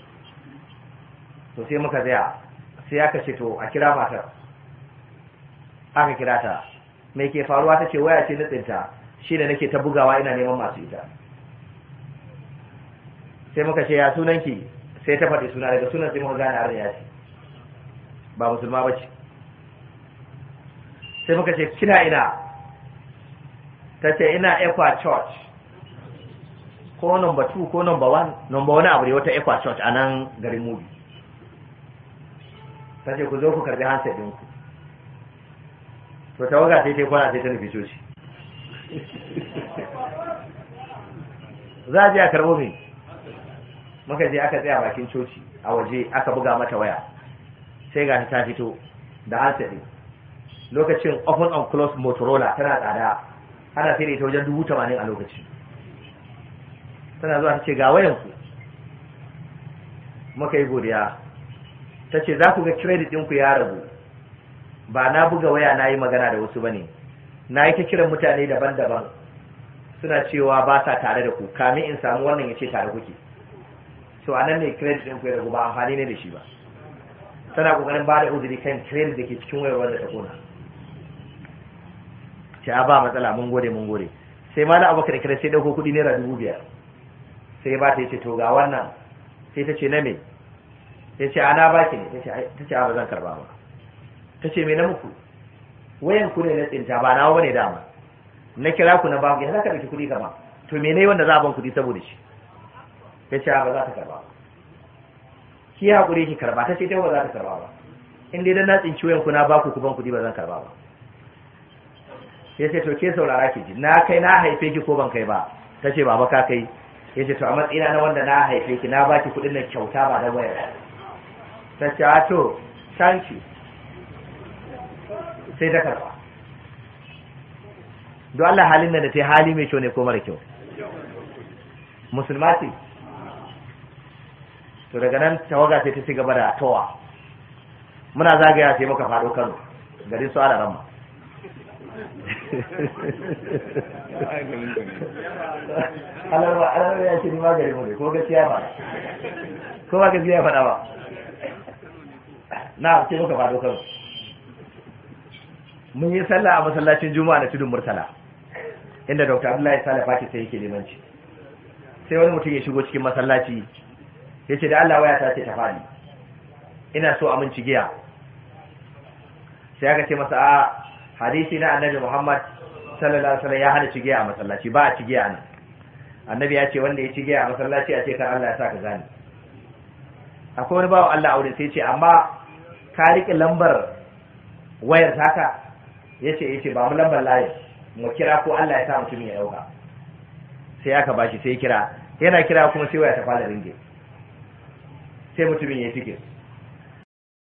to sai muka tsaya sai aka ce to a kira matar aka kira ta me ke faruwa ta ce waya ce na tsinta shi da nake ta bugawa ina neman masu ita sai muka ce ya sunanki sai ta faɗi suna daga sunan sai muka gane arin ya ce ba musulma ba ce sai muka ce kina ina ta ce ina ekwa church ko number two ko number one number one abu ne wata ekwa church a nan garin mubi ta ce ku zo ku karbi hansa ɗinku to waga sai ta kwana sai ta nufi coci za a ji a karbo mai muka je aka tsaya bakin coci a waje aka buga mata waya sai ga ta fito da hansari lokacin open and close motorola tana tsada ana fere ta wajen dubu tamanin a lokaci tana zuwa ta ce ga wayanku muka yi godiya ta ce za ku ga credit ɗinku ya rabu. ba na buga waya na yi magana da wasu ba ne na yi ta kiran mutane daban-daban suna cewa ba sa tare da ku kamin in samu wannan ya ce tare kuke to a nan ne credit ɗin ku ya ragu ba amfani ne da shi ba tana kokarin ba da uzuri kan credit da ke cikin wayarwar da ta kona ce a ba matsala mun gode mun gode sai ma na abokan kira sai dauko kuɗi naira dubu biyar sai ba ta yace to ga wannan sai ta ce na me ya ce ana ba ki ne ta ce a ba zan karba ba ta ce me na muku wayan ku ne na tsinta ba na wani dama na kira ku na ba ya za ka ɗauki kuɗi kama to me ne wanda za a ban kuɗi saboda shi ta ce ba za ta karba shi ya hakuri shi karba ta ce ta ba za ta karba ba in dai dan na tsinci wayan ku na ba ku kuban kuɗi ba zan karba ba ya ce to ke saurara ki ji na kai na haife ki ko ban kai ba ta ce baba ka kai ya ce to a matsayina na wanda na haife ki na baki kuɗin nan kyauta ba da wayar ta ce a to thank you sai ta karba don Allah halin nan da ta yi hali mai kyau ne ko mara kyau musulmati. to daga nan tawaga sai ta ci gaba da towa muna zagaya sai muka faɗo kano garin su ana ramma alarwa ya ce ni magani mu ne ko gaskiya ba ko ba gaskiya faɗa ba na ce muka faɗo kano mun yi sallah a masallacin juma'a na tudun murtala inda dr abdullahi salafaki sai yake limanci sai wani mutum ya shigo cikin masallaci yace da Allah waya ta ce ta fadi ina so amin cigiya sai aka ce masa a ah, hadisi na annabi Muhammad sallallahu alaihi wasallam ya hana cigiya a masallaci ba a cigiya nan annabi ya ce wanda ya cigiya a masallaci a ce kar Allah ya sa ka gani akwai wani bawo Allah aure sai ce amma ka riƙe lambar wayar saka yace yace ba mu lambar layin mu kira ko Allah ya sa mutum ya dauka sai aka bashi sai kira yana kira kuma sai waya ta fara ringe sai mutumin ya fikir